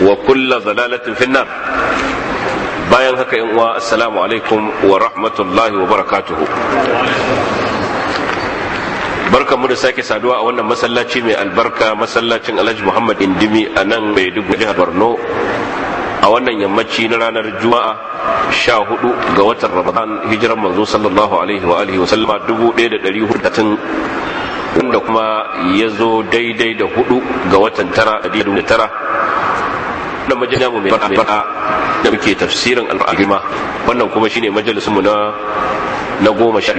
wa kulla zalalatin finnar bayan haka in uwa assalamu alaikum wa rahmatullahi wa barakatuhu barkanmu da sake saduwa a wannan masallaci mai albarka masallacin alhaji muhammad indimi a nan mai dubu jihar borno a wannan yammaci na ranar juma'a sha hudu ga watan ramadan hijiran manzo sallallahu alaihi wa alihi wa sallama dubu ɗaya da ɗari hudu wanda kuma ya zo daidai da hudu ga watan tara da tara wannan majalisa mu mai barka da muke tafsirin al-Qur'ani wannan kuma shine majalisin mu na na goma sha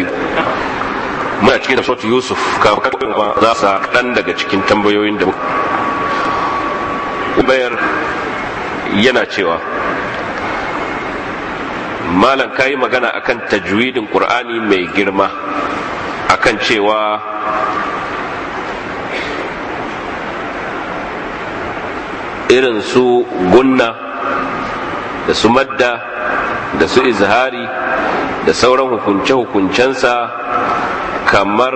muna cikin da sautu yusuf ka kuma za sa kaɗan daga cikin tambayoyin da bayar yana cewa malam kai magana akan tajwidin qur'ani mai girma akan cewa irin su gunna da su madda da su izhari da sauran hukunce-hukuncensa kamar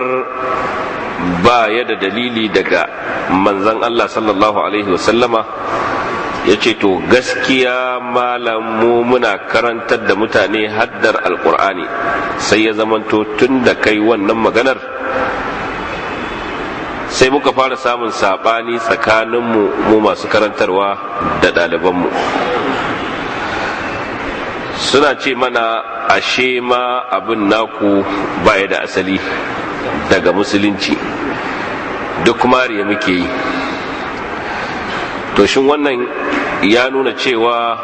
ba ya da dalili daga manzan Allah sallallahu Alaihi wasallama ya ce to gaskiya malammu muna karantar da mutane haddar alkur'ani sai ya zamanto tun da kai wannan maganar sai muka fara samun saɓani tsakaninmu mu masu karantarwa da ɗalibanmu suna ce mana ashe ma abin naku baya da asali daga musulunci duk mariya muke yi to wannan ya nuna cewa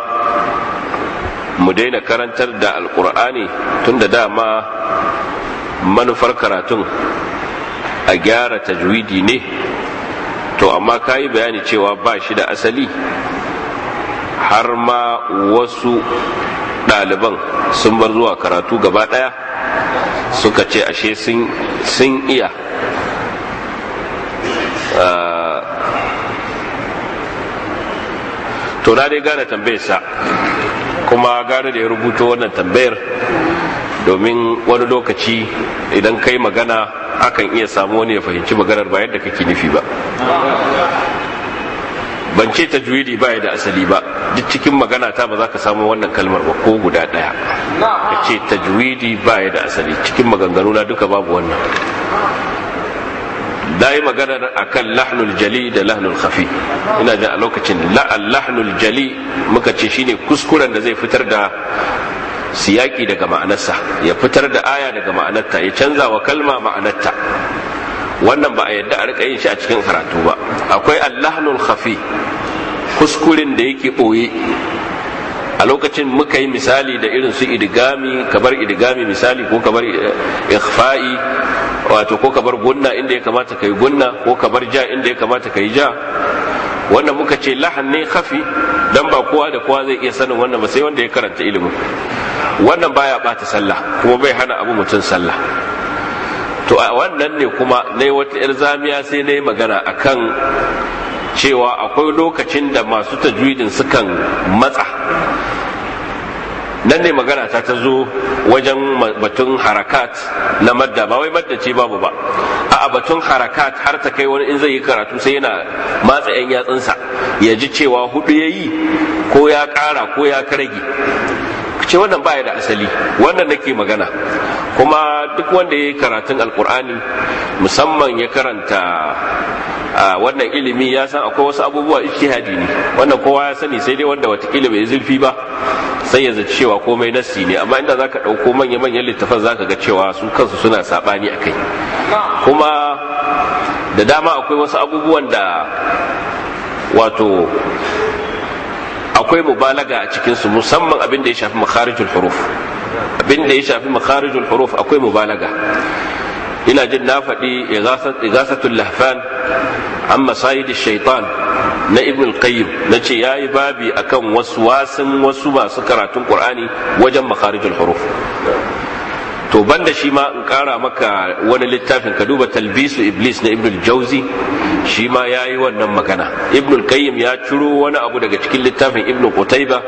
mu daina karantar da alkur'ani tun da dama manufar karatun a gyara tajwidi ne to amma ka yi bayani cewa ba shi da asali har ma wasu ɗaliban sun bar zuwa karatu gaba ɗaya suka ce ashe sun iya ah, to na dai gane tambayarsa kuma gane da ya rubuto wannan tambayar domin wani lokaci idan kai magana akan iya samu wani ya fahimci maganar ba yadda kake nufi ba ban ce ta juyidi ba da asali ba duk cikin magana ta ba za ka samu wannan kalmar ba ko guda ɗaya ka ce ta juyidi ba da asali cikin maganganu na duka babu wannan da yi maganar a kan lahnul jali da lahnul khafi ina jin a lokacin la'al lahnul jali muka ce shine kuskuren da zai fitar da siyaki daga ma'anarsa ya fitar da aya daga ma'anarta ya canza wa kalma ma'anarta wannan ba a yadda a rika yin shi a cikin karatu ba akwai allahnul khafi kuskurin da yake ɓoye a lokacin muka yi misali da irin su idigami kabar idigami misali ko kabar eh, ikhfa'i wato ko kabar gunna inda ya kamata ka yi gunna ko kabar ja inda ya kamata ka yi ja wannan muka ce lahan ne khafi dan ba kowa da kowa zai iya sanin wannan ba sai wanda ya karanta ilimin wannan baya bata sallah kuma bai hana abu mutum sallah to a wannan ne kuma na wata yar zamiya sai na yi magana akan cewa akwai lokacin da masu tajwidin sukan matsa nan ne magana ta ta zo wajen batun harakat na madda ba wai madda ce babu ba a batun harakat har ta kai wani in zai yi karatu sai yana matsa 'yan yatsunsa ya ji cewa hudu ya yi ko ya kara ko ya karage ce wannan baya da asali wannan nake magana kuma duk wanda ya yi karatun alkur'ani musamman ya karanta wannan ilimi ya san akwai wasu abubuwa hadi ne wannan kowa ya sani sai dai wanda watakila bai zurfi ba sai ya zaci cewa komai nassi ne amma inda zaka ɗauko manya-manyan littafan zaka ga cewa su kansu suna saɓani a kai kuma da dama akwai wasu abubuwan da wato akwai mubalaga a cikinsu musamman abin da ya shafi makharijul huruf abin da ya shafi makharijul huruf akwai mubalaga ina jin na faɗi igasatul lahfan an masayid shaitan na ibn qayyim na ce ya yi babi akan wasu wasan wasu masu karatun qur'ani wajen makharijul huruf to banda shi ma in kara maka wani littafin ka duba talbisu iblis na ibnul jauzi shi ma ya yi wannan magana ibnul qayyim ya ciro wani abu daga cikin littafin ibnu kutaiba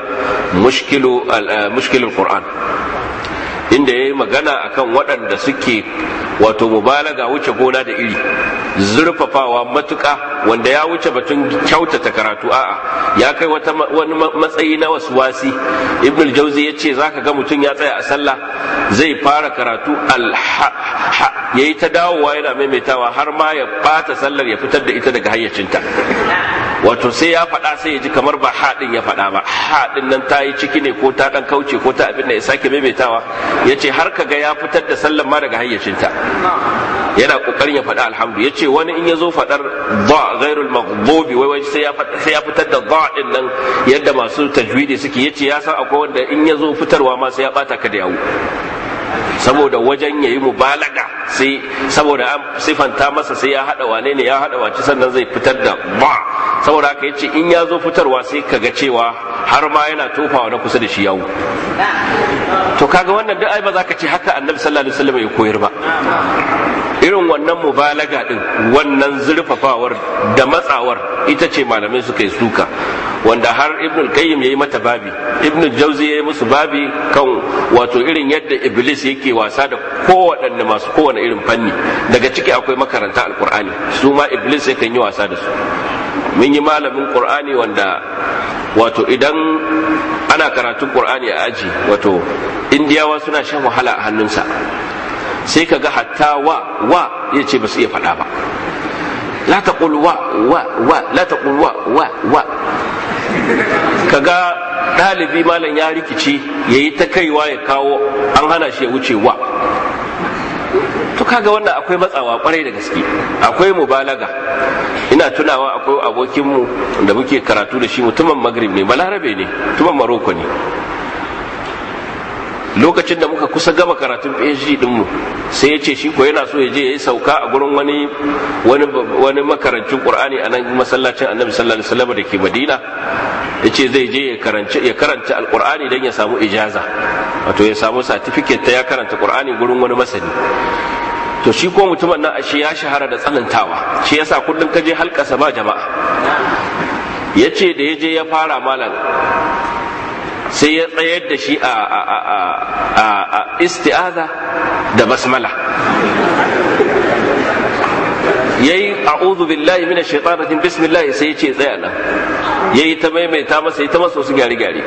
mushkilu al eh, qur'an inda ya yi magana akan waɗanda suke wato mubalaga wuce gona da iri zurfafawa matuka wanda ya wuce batun kyautata karatu a'a ya kai wata wani matsayi na wasuwasi ibnul jauzi ya ce za ga mutum ya tsaya a sallah zai fara karatu alha ya yi ta dawowa yana maimaitawa har ma ya ɓata sallar ya fitar da ita daga hayyacinta wato sai ya faɗa sai ya ji kamar ba haɗin ya faɗa ba haɗin nan ta yi ciki ne ko ta ɗan kauce ko ta abin da ya sake maimaitawa ya ce har ka ga ya fitar da sallan ma daga hayyacinta yana ƙoƙarin ya faɗa alhamdu ya ce wani in ya zo faɗar ba gairul maghdubi wai wai sai ya fitar da ba ɗin nan yadda masu tajwidi suke ya ce ya san akwai wanda in ya zo fitarwa ma sai ya ɓata ka da yawu saboda wajen yayi mubalaga sai saboda an sifanta masa sai ya hada wane ne ya haɗa wace sannan zai fitar da ba saboda haka yace in ya zo fitarwa sai kaga cewa har ma yana tofawa na kusa da shi yawo kaga wannan duk ai ba za ka ce haka annabi sallallahu alaihi wasallam ya koyar ba irin wannan mubalaga din wannan zurfafawar da matsawar ita ce malamai suka yi suka wanda har ibnul qayyim yayi mata babi ibnul jauzi yayi musu babi kan wato irin yadda iblis yake wasa da kowaɗanne masu kowane irin fanni daga ciki akwai makaranta alqur'ani su ma iblis yakan yi wasa da su mun yi malamin qur'ani wanda wato idan ana karatun qur'ani a aji wato indiyawa suna shan wahala a hannunsa sai ka ga hatta wa wa ya ce ba su iya faɗa ba la ta wa wa wa la ta wa wa wa ka ga ɗalibi malam ya rikici ya yi ta kaiwa ya kawo an hana shi ya wuce wa to kaga wannan akwai matsawa kwarai da gaske akwai mubalaga ina tunawa akwai abokinmu da muke karatu da shi mutumin magrib ne balarabe ne mutumin maroko ne lokacin da muka kusa gama karatun phd dinmu sai ya ce shi ko yana so ya je ya yi sauka a gurin wani wani makarancin qur'ani a nan masallacin annabi sallallahu alaihi wasallam da ke madina ya zai je ya karanta ya karanta alqur'ani dan ya samu ijaza wato ya samu certificate ta ya karanta qur'ani gurin wani masani to shi ko mutumin nan ashe ya shahara da tsanantawa shi yasa kullum ka je halkasa ba jama'a ya ce da ya je ya fara malam sai ya tsayar da shi a isti'aza da basmala yayi a'udhu billahi minash shaitanir rajim bismillah sai ya ce tsaya nan yayi ta maimaita masa ya ta masa wasu gyare gyare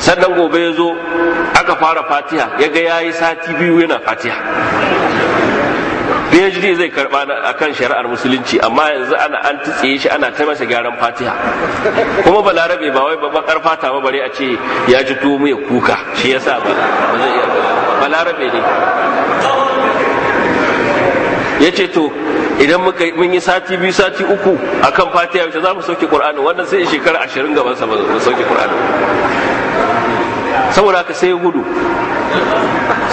sannan gobe ya zo aka fara fatiha ya ga yayi sati biyu yana fatiha phd zai karba akan shari'ar musulunci amma yanzu ana an tsiye shi ana ta masa gyaran fatiha kuma balarabe ba wai karfa fata ba bare a ce ya ji tuwo ya kuka shi yasa ba ba zai iya balarabe ne ya ce to idan muka mun yi sati biyu sati uku akan fatiha yaushe za mu sauke qur'ani wannan sai shekara ashirin gaban sa mu sauke qur'ani saboda ka sai gudu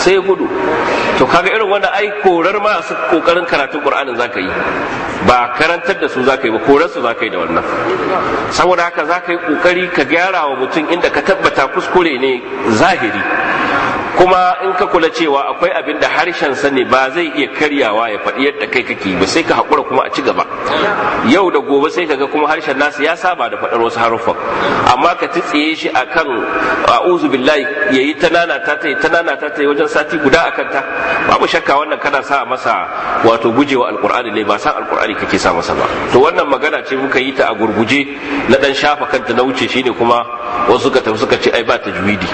sai ya gudu to kaga irin wanda ai korar masu kokarin karatun qur'anin zaka yi ba karantar da su zaka yi ba korar su zaka yi da wannan saboda haka zaka yi kokari ka gyara wa mutum inda ka tabbata kuskure ne zahiri kuma in ka kula cewa akwai abin da harshen sani ba zai iya karyawa ya faɗi yadda kai kake ba sai ka haƙura kuma a ci gaba yau da gobe sai ka ga kuma harshen nasu ya saba da faɗar wasu haruffan amma ka titsiye shi kan a'uzu billahi yayi ta nanata ta ta wajen sati guda akan Ba babu shakka wannan kana sa masa wato gujewa alkur'ani ne ba san alkurani kake sa masa ba to wannan magana ce muka yi ta a gurguje na ɗan shafa kanta na wuce shine kuma wasu ka tafi suka ce ai ba ta tajwidi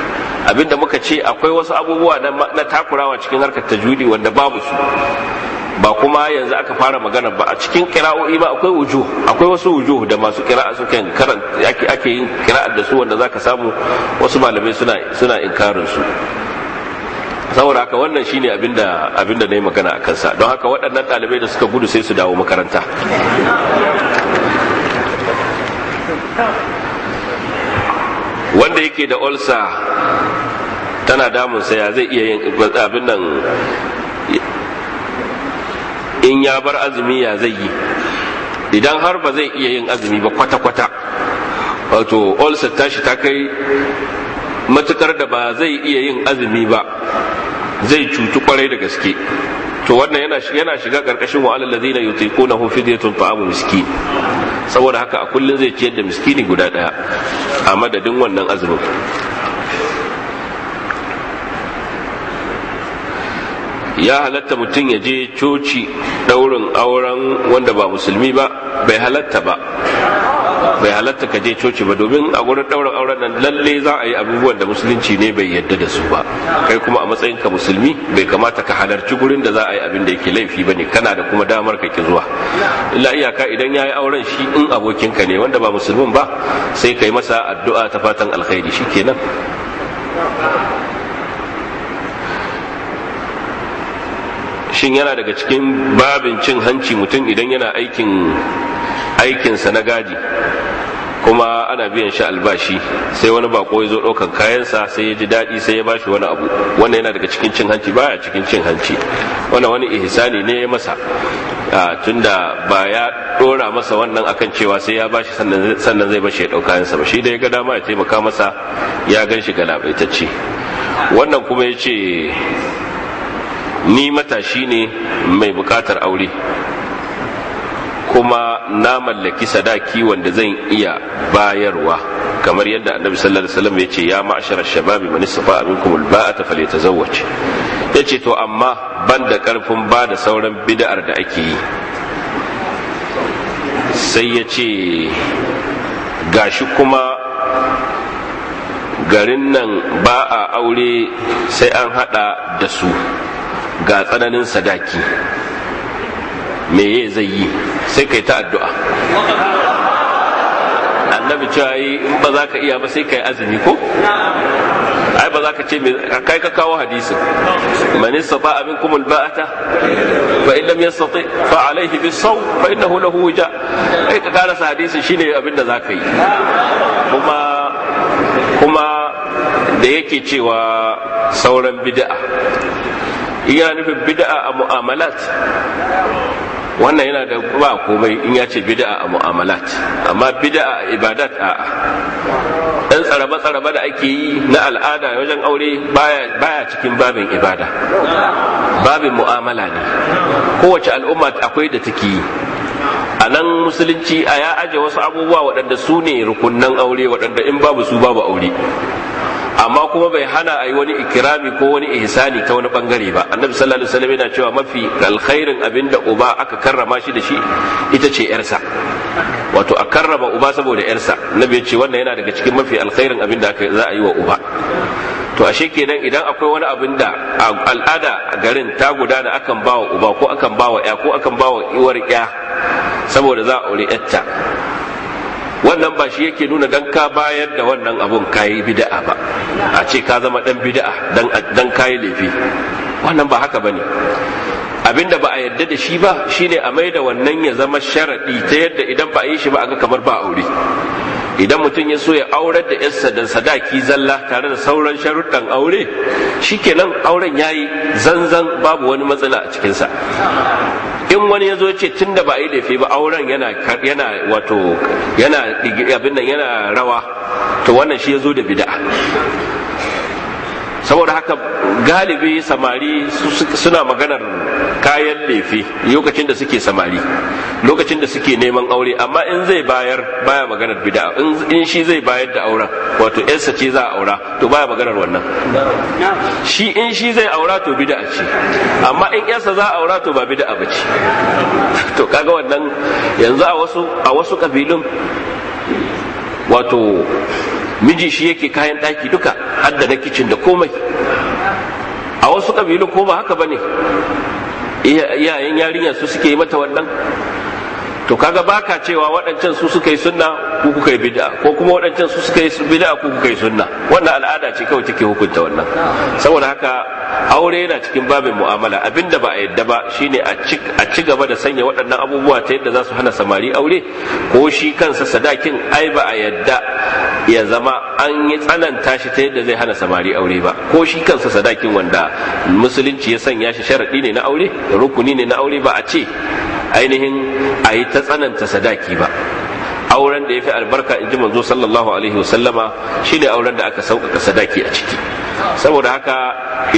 abinda muka ce akwai wasu abubuwa na takurawa cikin harkar tajwidi wanda babu su ba kuma yanzu aka fara magana ba a cikin kira'o'i ba akwai wujuh akwai wasu wujuh da masu kira'a suke karanta ake yin kira'a da su wanda zaka samu wasu malamai suna suna inkarin saboda haka wannan shine abinda abinda nayi magana a kansa don haka waɗannan ɗalibai da suka gudu sai su dawo makaranta wanda yake da olsa tana damun ya zai iya yin abin nan in ya bar azumi ya zai yi idan har ba zai iya yin azumi ba kwata-kwata wato olsa tashi ta kai matukar da ba zai iya yin azumi ba zai cutu kwarai da gaske to wannan yana shiga karkashin wa alal ladina yutiquna hum fidyatun ta'amu miski saboda haka a kullum zai ciyar da miskini guda ɗaya a madadin wannan azumin ya halatta mutum ya je coci ɗaurin auren wanda ba musulmi ba bai halatta ba bai halatta ka je coci ba domin a gurin ɗaurin auren nan lalle za a yi abubuwan da musulunci ne bai yadda da su ba kai kuma a matsayin ka musulmi bai kamata ka halarci gurin da za a yi abin da yake laifi ba kana da kuma damar ka ki zuwa illa iyaka idan ya yi auren shi in abokin ka ne wanda ba musulmin ba sai kai masa addu'a ta fatan alkhairi shi shin yana daga cikin babin cin hanci mutum idan yana aikin aikinsa na gadi kuma ana biyan shi albashi sai wani bako ya zo ɗaukan kayansa sai ya ji daɗi sai ya bashi wani abu wannan yana daga cikin cin hanci baya cikin cin hanci wannan wani ihsani ne ya masa tunda ba ya ɗora masa wannan akan cewa sai ya bashi sannan zai bashi ya ɗau kayansa ba shi da ya ga dama ya taimaka masa ya gan shi galabaitacce wannan kuma ya ce ni matashi ne mai bukatar aure kuma na mallaki sadaki wanda zan iya bayarwa kamar yadda annabi sallallahu alaihi wasallam yace ya ma'ashara shababi man istata minkum alba'ata falyatazawwaj yace to amma ban da karfin ba da sauran bid'ar da ake yi sai yace gashi kuma garin nan ba a aure sai an hada da su ga tsananin sadaki meye zai yi sai kai ta addu'a annabi cewa yi in ba za ka iya ba sai kai azumi ko ai ba za ka ce kai ka kawo hadisin man istata minkum alba'ata fa in lam yastati fa alayhi bisaw fa innahu lahu wija ai ka karasa hadisin shine abin da za ka yi kuma kuma da yake cewa sauran bid'a iya nufin bid'a a mu'amalat wannan yana da ba komai in ya ce bid'a a mu'amalat amma bid'a a ibadat a dan tsaraba tsaraba da ake yi na al'ada wajen aure baya baya cikin babin ibada babin mu'amala ne kowace al'umma akwai da take yi a nan musulunci a ya aje wasu abubuwa waɗanda su ne rukunnan aure waɗanda in babu su babu aure amma kuma bai hana a yi wani ikirami ko wani ihsani ta wani bangare ba annabi sallallahu alaihi wasallam yana cewa mafi alkhairin abinda uba aka karrama shi da shi ita ce yarsa wato a karrama uba saboda yarsa annabi ya ce wannan yana daga cikin mafi alkhairin abinda za a yi wa uba to ashe kenan idan akwai wani abin da al'ada a garin ta gudana akan bawa uba ko akan bawa ya ko akan bawa iwar ya saboda za a aure yatta wannan ba shi yake nuna dan ka bayar da wannan abun kayi bid'a ba a ce ka zama dan bid'a dan kayi laifi wannan ba haka bane abinda ba a yadda da shi ba shine a mai da wannan ya zama sharadi ta yadda idan ba a yi shi ba aga kamar ba aure idan mutum ya so ya aurar da yarsa da sadaki zalla tare da sauran sharuɗan aure shi shikenan auren ya yi zanzan babu wani matsala a cikinsa in wani ya zo ce tun da ba a yi laifi ba auren yana yana wato yana abin nan yana rawa to wannan shi ya zo da bid'a saboda haka galibi samari suna maganar kayan lefe lokacin da suke samari lokacin da suke neman aure amma in zai bayar baya maganar bid'a in shi zai bayar da auren wato yansa ce za a aura to baya maganar wannan shi in shi zai aura to bid'a a ce amma in yansa za a aura to ba bid'a a ce to kaga wannan yanzu a wasu a wasu kabilun wato miji shi yake kayan ɗaki duka hadda na kicin da komai a wasu ƙabilu ko ba haka ba ne iyayen yarinya su suke yi mata wannan to kaga baka cewa waɗancan su suka yi sunna ko kuka yi bid'a ko kuma waɗancan su suka yi bid'a ko kuka yi sunna wannan al'ada ce kawai take hukunta wannan saboda haka aure yana cikin babin mu'amala abinda ba a yadda ba shine a ci gaba da sanya waɗannan abubuwa ta yadda za su hana samari aure ko shi kansa sadakin ai ba a yadda ya zama an yi tsananta shi ta yadda zai hana samari aure ba ko shi kansa sadakin wanda musulunci ya sanya shi sharaɗi ne na aure rukuni ne na aure ba a ce ainihin a yi ta tsananta sadaki ba auren da ya fi albarka in ji manzo sallallahu alaihi wasallama shine auren da aka sauƙaƙa sadaki a ciki saboda haka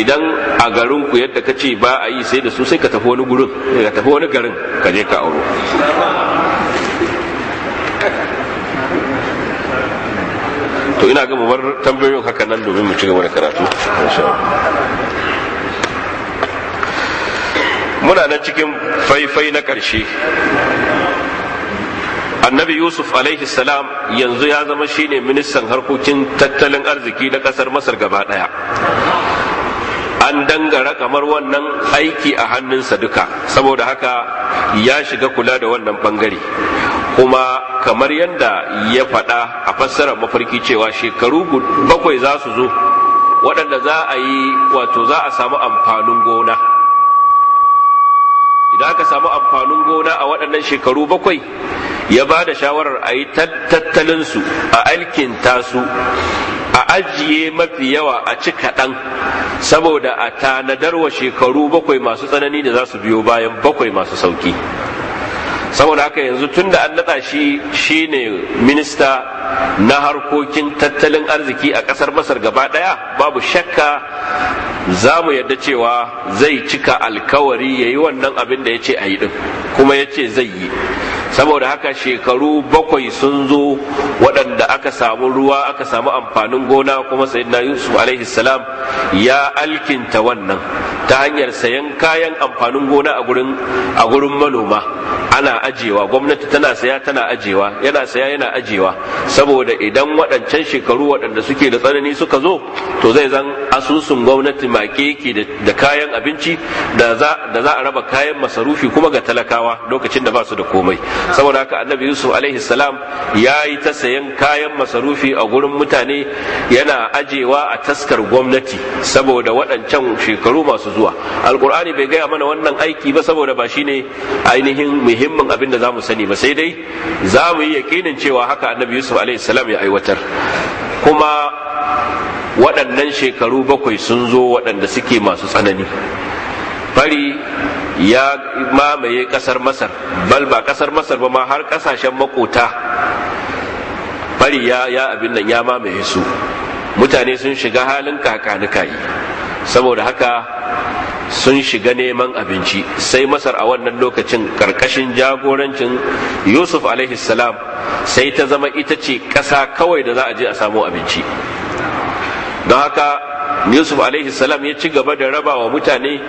idan a garinku yadda ka ce ba a yi sai da su sai ka tafi wani gurin ka tafi wani garin ka je ka auro to ina ga mabar tambayoyin haka nan domin mu ci gaba da karatu muna nan cikin faifai na ƙarshe annabi yusuf alaihi salam yanzu ya zama shine ministan harkokin tattalin arziki na ƙasar masar gaba ɗaya an dangara kamar wannan aiki a hannunsa duka saboda haka ya shiga kula da wannan bangare kuma kamar yadda ya faɗa a fassarar mafarki cewa shekaru bakwai za su zo waɗanda za a yi wato za a samu amfanin gona idan aka samu amfanin gona a waɗannan shekaru bakwai ya ba da shawarar a yi tattalinsu a alkin su a ajiye mafi yawa a ci kaɗan saboda a tanadarwa shekaru bakwai masu tsanani da za su biyo bayan bakwai masu sauki saboda haka yanzu tun da an naɗa shi shine minista na harkokin tattalin arziki a ƙasar masar gaba ɗaya babu shakka za mu yadda cewa zai cika alkawari ya yi wannan abin da ya ce a yi ɗin kuma ya ce zai yi saboda haka shekaru bakwai sun zo waɗanda aka samu ruwa aka samu amfanin gona kuma sayyidina yusuf alaihi salam ya alkinta wannan ta hanyar sayan kayan amfanin gona a gurin a gurin manoma ana ajewa gwamnati tana saya tana ajewa yana saya yana ajewa saboda idan waɗancan shekaru waɗanda suke da tsanani suka zo to zai zan asusun gwamnati yake da kayan abinci da za a raba kayan masarufi kuma ga talakawa lokacin da ba su da komai saboda haka annabi yusuf alaihi salam ya yi ta sayan kayan masarufi a gurin mutane yana ajewa a taskar gwamnati saboda waɗancan shekaru masu zuwa zuwa alkur'ani bai gaya mana wannan aiki ba saboda ba shine ainihin muhimmin abin da za mu sani ba sai dai za mu yi yakinin cewa haka annabi yusuf alaihi salam ya aiwatar kuma waɗannan shekaru bakwai sun zo waɗanda suke masu tsanani fari ya mamaye ƙasar masar bal ba ƙasar masar ba ma har ƙasashen makota fari ya abin nan ya mamaye su mutane sun shiga halin kakanikayi saboda haka sun shiga neman abinci sai masar a wannan lokacin karkashin jagorancin yusuf salam sai ta zama ita ce ƙasa kawai da za a je a samu abinci don haka yusuf salam ya ci gaba da raba wa mutane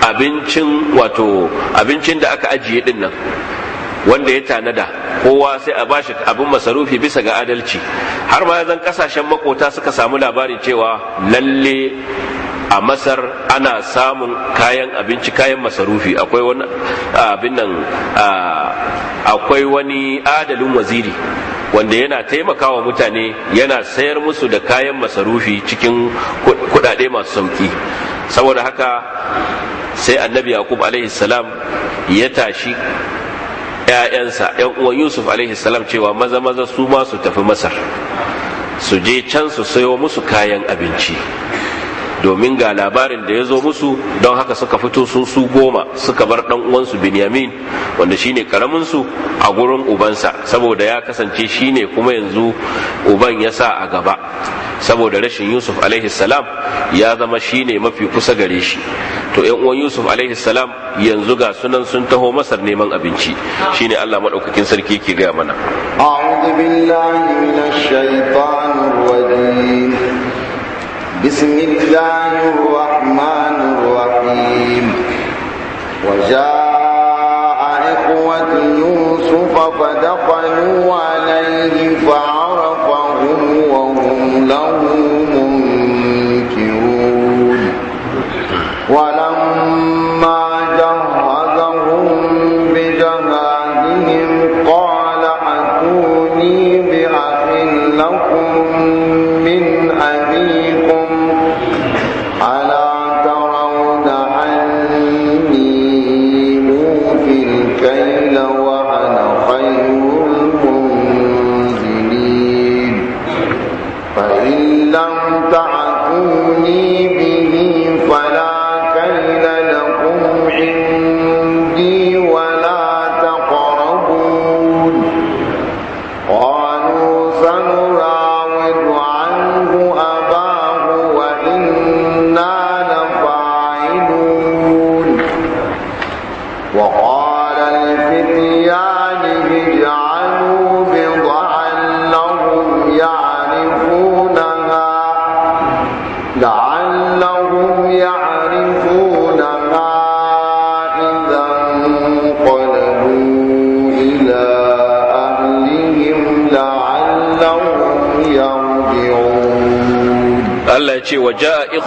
abincin wato abincin da aka ajiye dinnan, wanda ya tanada kowa sai a bashi abin masarufi bisa ga adalci har ma zan kasashen makota suka samu labarin cewa lalle a masar ana samun kayan abinci kayan masarufi akwai wani abin nan akwai wani adalin waziri wanda yana taimakawa mutane yana sayar musu da kayan masarufi cikin kudade masu sauki saboda haka sai annabi yaqub salam ya tashi ‘ya'yansa ‘yan uwan yusuf salam cewa maza maza su ma su tafi masar su je can su sayo musu kayan abinci domin ga labarin da ya zo musu don haka suka fito su su goma suka bar dan uwansu binyamin wanda shine karamin su a gurin ubansa saboda ya kasance shine kuma yanzu uban ya sa a gaba saboda rashin yusuf alaihi salam ya zama shine mafi kusa gare shi to yan uwan yusuf alaihi salam yanzu ga sunan sun taho masar neman abinci shine allah maɗaukakin sarki ke gaya mana a'udhu billahi minash shaitanir rajim بسم الله الرحمن الرحيم وجاء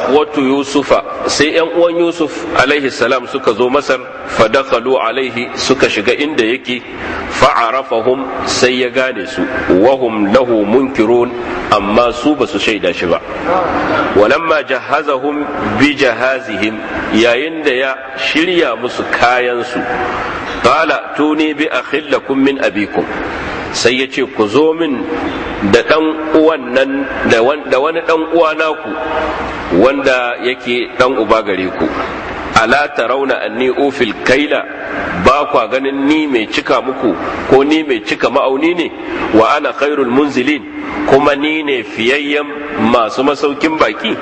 ikhwatu yusufa sai yan uwan yusuf alaihi salam suka zo masar fadakalu alaihi suka shiga inda yake fa'arafahum sai ya gane su wahum lahu munkirun amma su ba su shaida shi ba walamma jahazahum bi jahazihim yayin da ya shirya musu kayansu qala tuni bi akhillakum min abikum sai ya ce ku zo min da ɗan uwan nan da wani ɗan uwa naku wanda yake ɗan uba gare ku ala tarauna anni ofil kaila ba kwa ganin ni mai cika muku ko ni mai cika ma'auni ne wa ana khairul munzilin kuma ni ne fiyayyen masu masaukin baki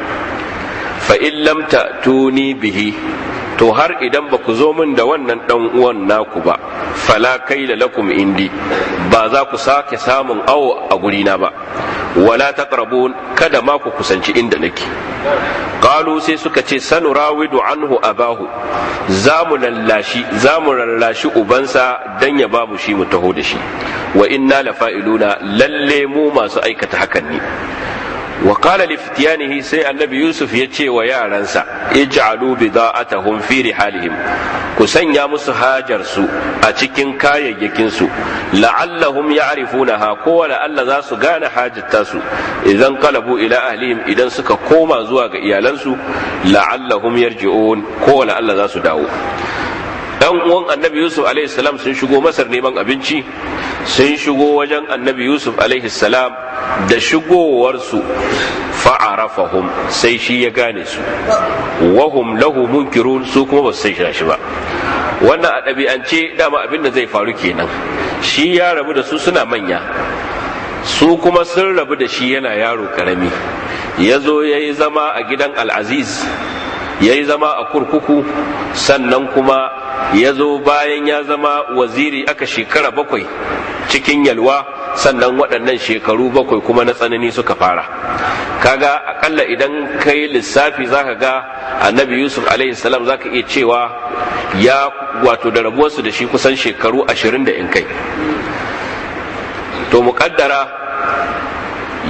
fa lam tuni bihi to har idan ba ku zo min da wannan dan uwan naku ba fala kaila lakum indi ba za ku sake samun awo a gurina ba wala taqrabun kada ma ku kusanci inda nake qalu sai suka ce sanurawidu anhu abahu za mu lallashi za mu lallashi ubansa dan ya babu shi mu taho da shi wa inna lafa'iluna lalle mu masu aikata hakan ne wa qala sai annabi yusuf ya ce wa yaransa ij'alu bida'atahum fi rihalihim ku sanya musu hajar su a cikin kayayyakin su la'allahum ya'rifunaha ko la Allah za gane hajar su idan qalabu ila ahlihim idan suka koma zuwa ga iyalansu la'allahum yarji'un ko la Allah za dawo dan uwan annabi yusuf alaihi salam sun shigo masar neman abinci sun shigo wajen annabi yusuf alaihi salam da shigowarsu fa'arafahum sai shi ya gane su wahum lahu munkirun su kuma ba su sai shi ba wannan a ɗabi'ance dama abin da zai faru kenan shi ya rabu da su suna manya su kuma sun rabu da shi yana yaro karami ya zo ya yi zama a gidan al'aziz ya yi zama a kurkuku sannan kuma ya zo bayan ya zama waziri aka shekara bakwai cikin yalwa sannan waɗannan shekaru bakwai kuma na tsanani suka fara kaga akalla idan kai lissafi za ka ga annabi yusuf salam za ka iya cewa ya wato da rabuwarsu da shi kusan shekaru ashirin da in kai to muƙaddara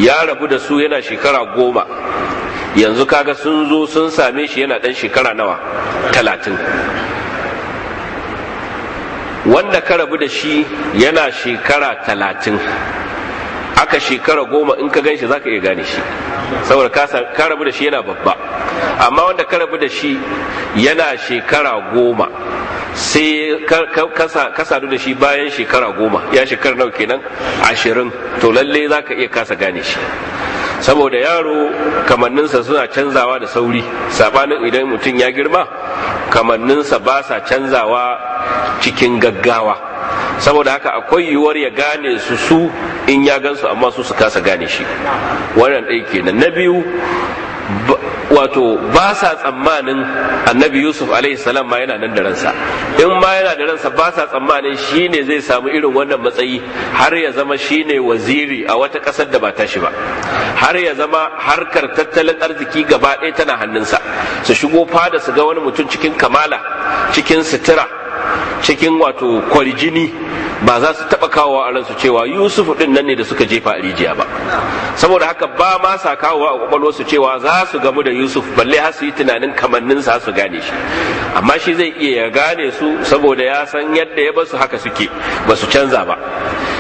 ya rabu da su yana shekara goma yanzu kaga sun zo sun same shi yana ɗan shekara nawa talatin wanda ka rabu da shi yana shekara talatin aka shekara goma in ka gan shi za ka iya gane shi saboda ka rabu da shi yana babba amma wanda ka rabu da shi yana shekara goma sai ka sadu da shi bayan shekara goma ya shekara nau kenan ashirin to lalle za ka iya kasa gane shi saboda yaro kamanninsa suna canzawa da sauri sabanin idan mutum ya girma kamanninsa ba sa canzawa cikin gaggawa saboda haka akwai yiwuwar ya gane su su in ya gansu amma su su kasa gane shi wannan ɗaya kenan na biyu wato ba sa tsammanin annabi yusuf salam ma yana nan da ransa in ma yana da ransa ba sa tsammanin shi ne zai samu irin wannan matsayi har ya zama shi ne waziri a wata ƙasar da ba ta shi ba har ya zama harkar tattalin arziki gaba ɗaya tana hannunsa su shigo fada su ga wani mutum cikin kamala cikin sutura cikin wato kwarjini ba za su taɓa kawowa a ransu cewa yusuf ɗin nan ne da suka jefa a rijiya ba saboda haka ba ma sa kawowa a kwakwalwarsu cewa za su gamu da yusuf balle har su yi tunanin kamannin sa su gane shi amma shi zai iya ya gane su saboda ya san yadda ya basu haka suke ba su canza ba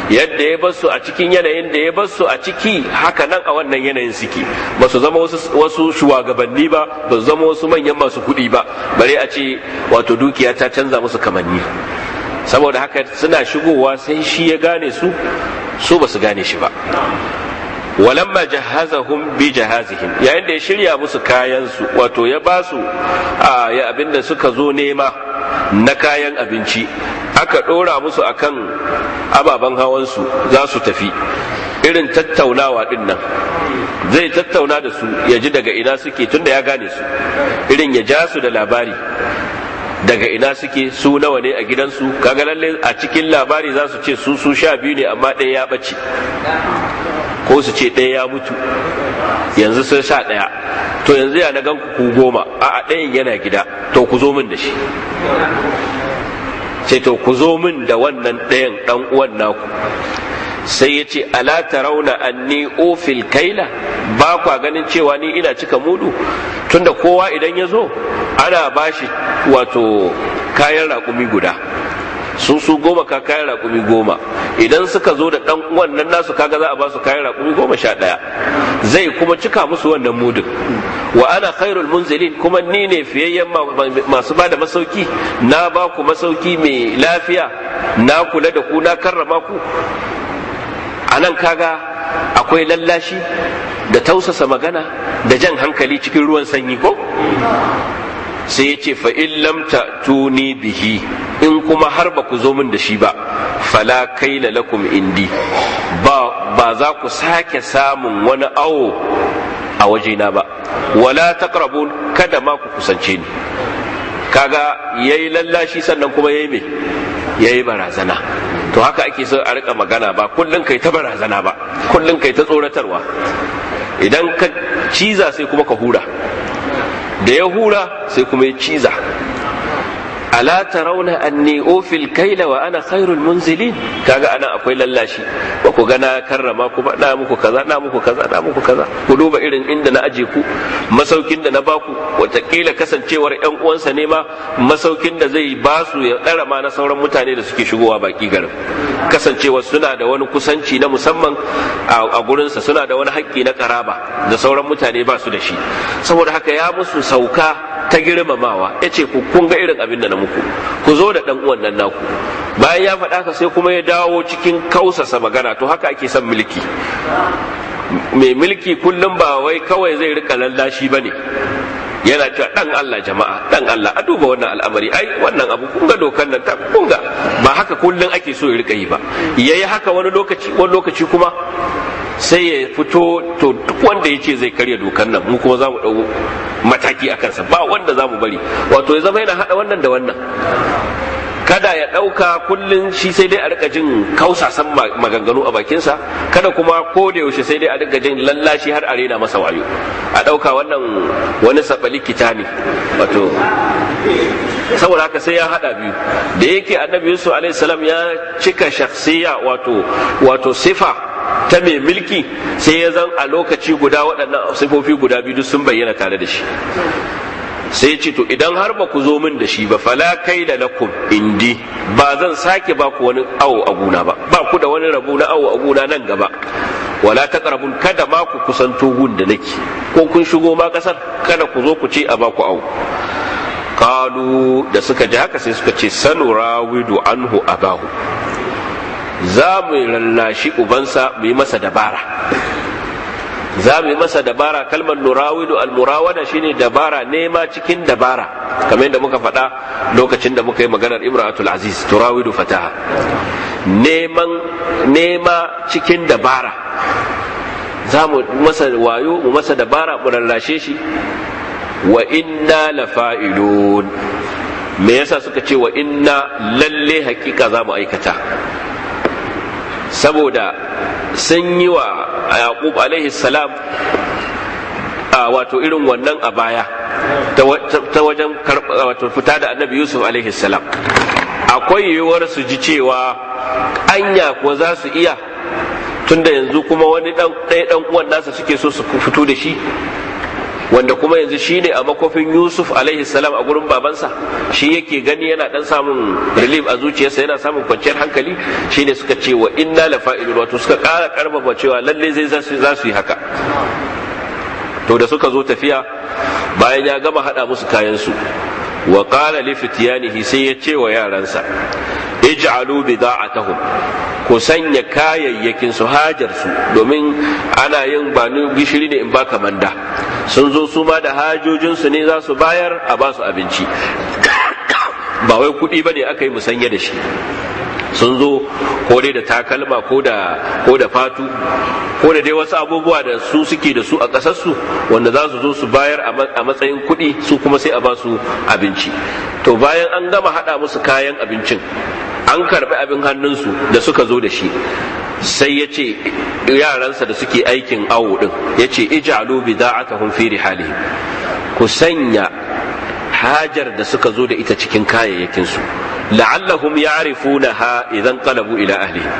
yadda ya basu a cikin yanayin da ya basu a ciki haka nan a wannan yanayin suke ba su zama wasu shugabanni ba ba su zama wasu manyan masu kuɗi ba bare a ce wato dukiya ta canza musu kamanni saboda haka suna shigowa sai shi ya gane su su ba su gane shi ba walamma jahazahum bi jahazihim yayin da ya shirya musu kayansu wato ya ba su ya abinda suka zo nema na kayan abinci aka ɗora musu akan ababen hawansu za su tafi irin tattaunawa ɗin nan zai tattauna da su ya ji daga ina suke tunda ya gane su irin ya ja su da labari daga ina suke su nawa ne a gidansu kaga lalle a cikin labari za su ce su su sha biyu ne amma ɗaya ya ɓace ko su ce ɗaya ya mutu yanzu sun sha ɗaya to yanzu ya na ganku ku goma a ɗayan yana gida to ku zo min da shi sai to ku zo min da wannan ɗayan ɗan uwan naku sai ya ce ala tarauna anni ofil kaila ba kwa ganin cewa ni ina cika mudu tunda kowa idan ya zo ana ba shi wato kayan raƙumi guda su su goma ka kayan raƙumi goma idan suka zo da ɗan wannan nasu kaga za a ba su kayan raƙumi goma sha ɗaya zai kuma cika musu wannan mudin wa ana khairul munzilin kuma ni ne fiyayyen masu ba da masauki na ba ku masauki mai lafiya na kula da ku na karrama ku a nan kaga akwai lallashi da tausasa magana da jan hankali cikin ruwan sanyi ko sai ya ce fa in tuni bihi in kuma har ba ku zo min da shi ba fala kai lalakum indi ba za ku sake samun wani awo a wajena ba wala taqrabun kada ma ku kusance ni kaga ya yi lallashi sannan kuma ya yi mai ya yi barazana to haka ake so a rika magana ba kullum kai ta barazana ba kullum kai ta tsoratarwa idan ka ciza sai kuma ka hura da ya hura sai kuma ya ciza ala tarawna anni ufil kaila wa ana khairul munzilin kaga ana akwai lallashi ba ku gana karrama ku ba na muku kaza na muku kaza na muku kaza ku duba irin inda na aje ku masaukin da na baku watakila kasancewar yan uwansa ne ma masaukin da zai ba su ya karrama na sauran mutane da suke shigowa baki garin kasancewar suna da wani kusanci na musamman a gurinsa suna da wani haƙƙi na karaba da sauran mutane ba su da shi saboda haka ya musu sauka ta girmamawa ya ce ku kun ga irin abin da na muku ku zo da dan uwan nan naku bayan ya faɗa ka sai kuma ya dawo cikin kausasa magana to haka ake son mulki mai mulki kullum ba wai kawai zai rika lallashi bane yana cewa dan Allah jama'a dan Allah a duba wannan al'amari ai wannan abu kun ga dokan nan ta kun ga ba haka kullum ake so ya rika yi ba yayi haka wani lokaci wani lokaci kuma sai ya fito to duk wanda ya ce zai karya dokar nan mu kuma za mu ɗau mataki a kansa ba wanda za mu bari wato ya zama yana hada wannan da wannan kada ya ɗauka kullum shi sai dai a rika jin kausasan maganganu a bakinsa kada kuma ko da yaushe sai dai a rika jin lallashi har a rena masa wayo a ɗauka wannan wani saɓali kita ne wato saboda haka sai ya haɗa biyu da yake annabi yusuf alaihi salam ya cika shakhsiya wato wato sifa ta mai milki sai ya zan a lokaci guda waɗannan sifofi guda biyu sun bayyana tare da shi sai ce to idan har ba ku zo min da shi ba fala kai da lakum indi ba zan sake ba ku wani awo a gona ba ba ku da wani rabu na awo a guna nan gaba wala ta karabun kada ma ku kusanto gun da nake ko kun shigo ma kasar kada ku zo ku ce a ba ku awo kalu da suka ji haka sai suka ce sanurawidu anhu abahu za mu lallashi ubansa mu yi masa dabara za mu yi masa dabara kalmar nurawidu almurawada shine dabara nema cikin dabara kamar yadda muka faɗa lokacin da muka yi maganar imratul aziz turawidu fataha neman nema cikin dabara za mu masa wayo mu masa dabara mu rarrashe shi wa inna lafa'ilun me yasa suka ce wa inna lalle hakika za mu aikata saboda sun yi wa yaqub alaihi a wato irin wannan a baya ta wajen wato fita da annabi yusuf alaihi salam akwai yiwuwar su ji cewa anya kuwa za su iya tunda yanzu kuma wani ɗaya ɗan uwan nasa suke so su fito da shi wanda kuma yanzu shi shine a makofin Yusuf alaihi salam a gurin babansa shi yake gani yana dan samun relief a zuciyarsa yana samun kwanciyar hankali ne suka ce wa inna lafa'ilun wato suka kara karfafa cewa lalle zai za su yi haka to da suka zo tafiya bayan ya gama hada musu kayansu su wa qala li fityanihi sai ya ce wa yaransa ij'alu bida'atahum ku sanya kayayyakin su hajar su domin ana yin ba gishiri ne in baka manda sun zo su ma da hajojinsu ne za su bayar a ba su abinci ba wai kuɗi ba ne aka yi musanya da shi sun zo ko dai da takalma ko da fatu ko da dai wasu abubuwa da su suke da su a ƙasarsu wanda za su zo su bayar a matsayin kuɗi su kuma sai a ba su abinci to bayan an gama haɗa musu kayan abincin an karbi abin hannunsu da suka zo da shi sai ya ce yaransa da suke aikin awo din ya ce ija'alu ka fi rihalihim ku sanya hajar da suka zo da ita cikin kayayyakinsu la'allahum ya'rifunaha idan qalabu ila ahlihim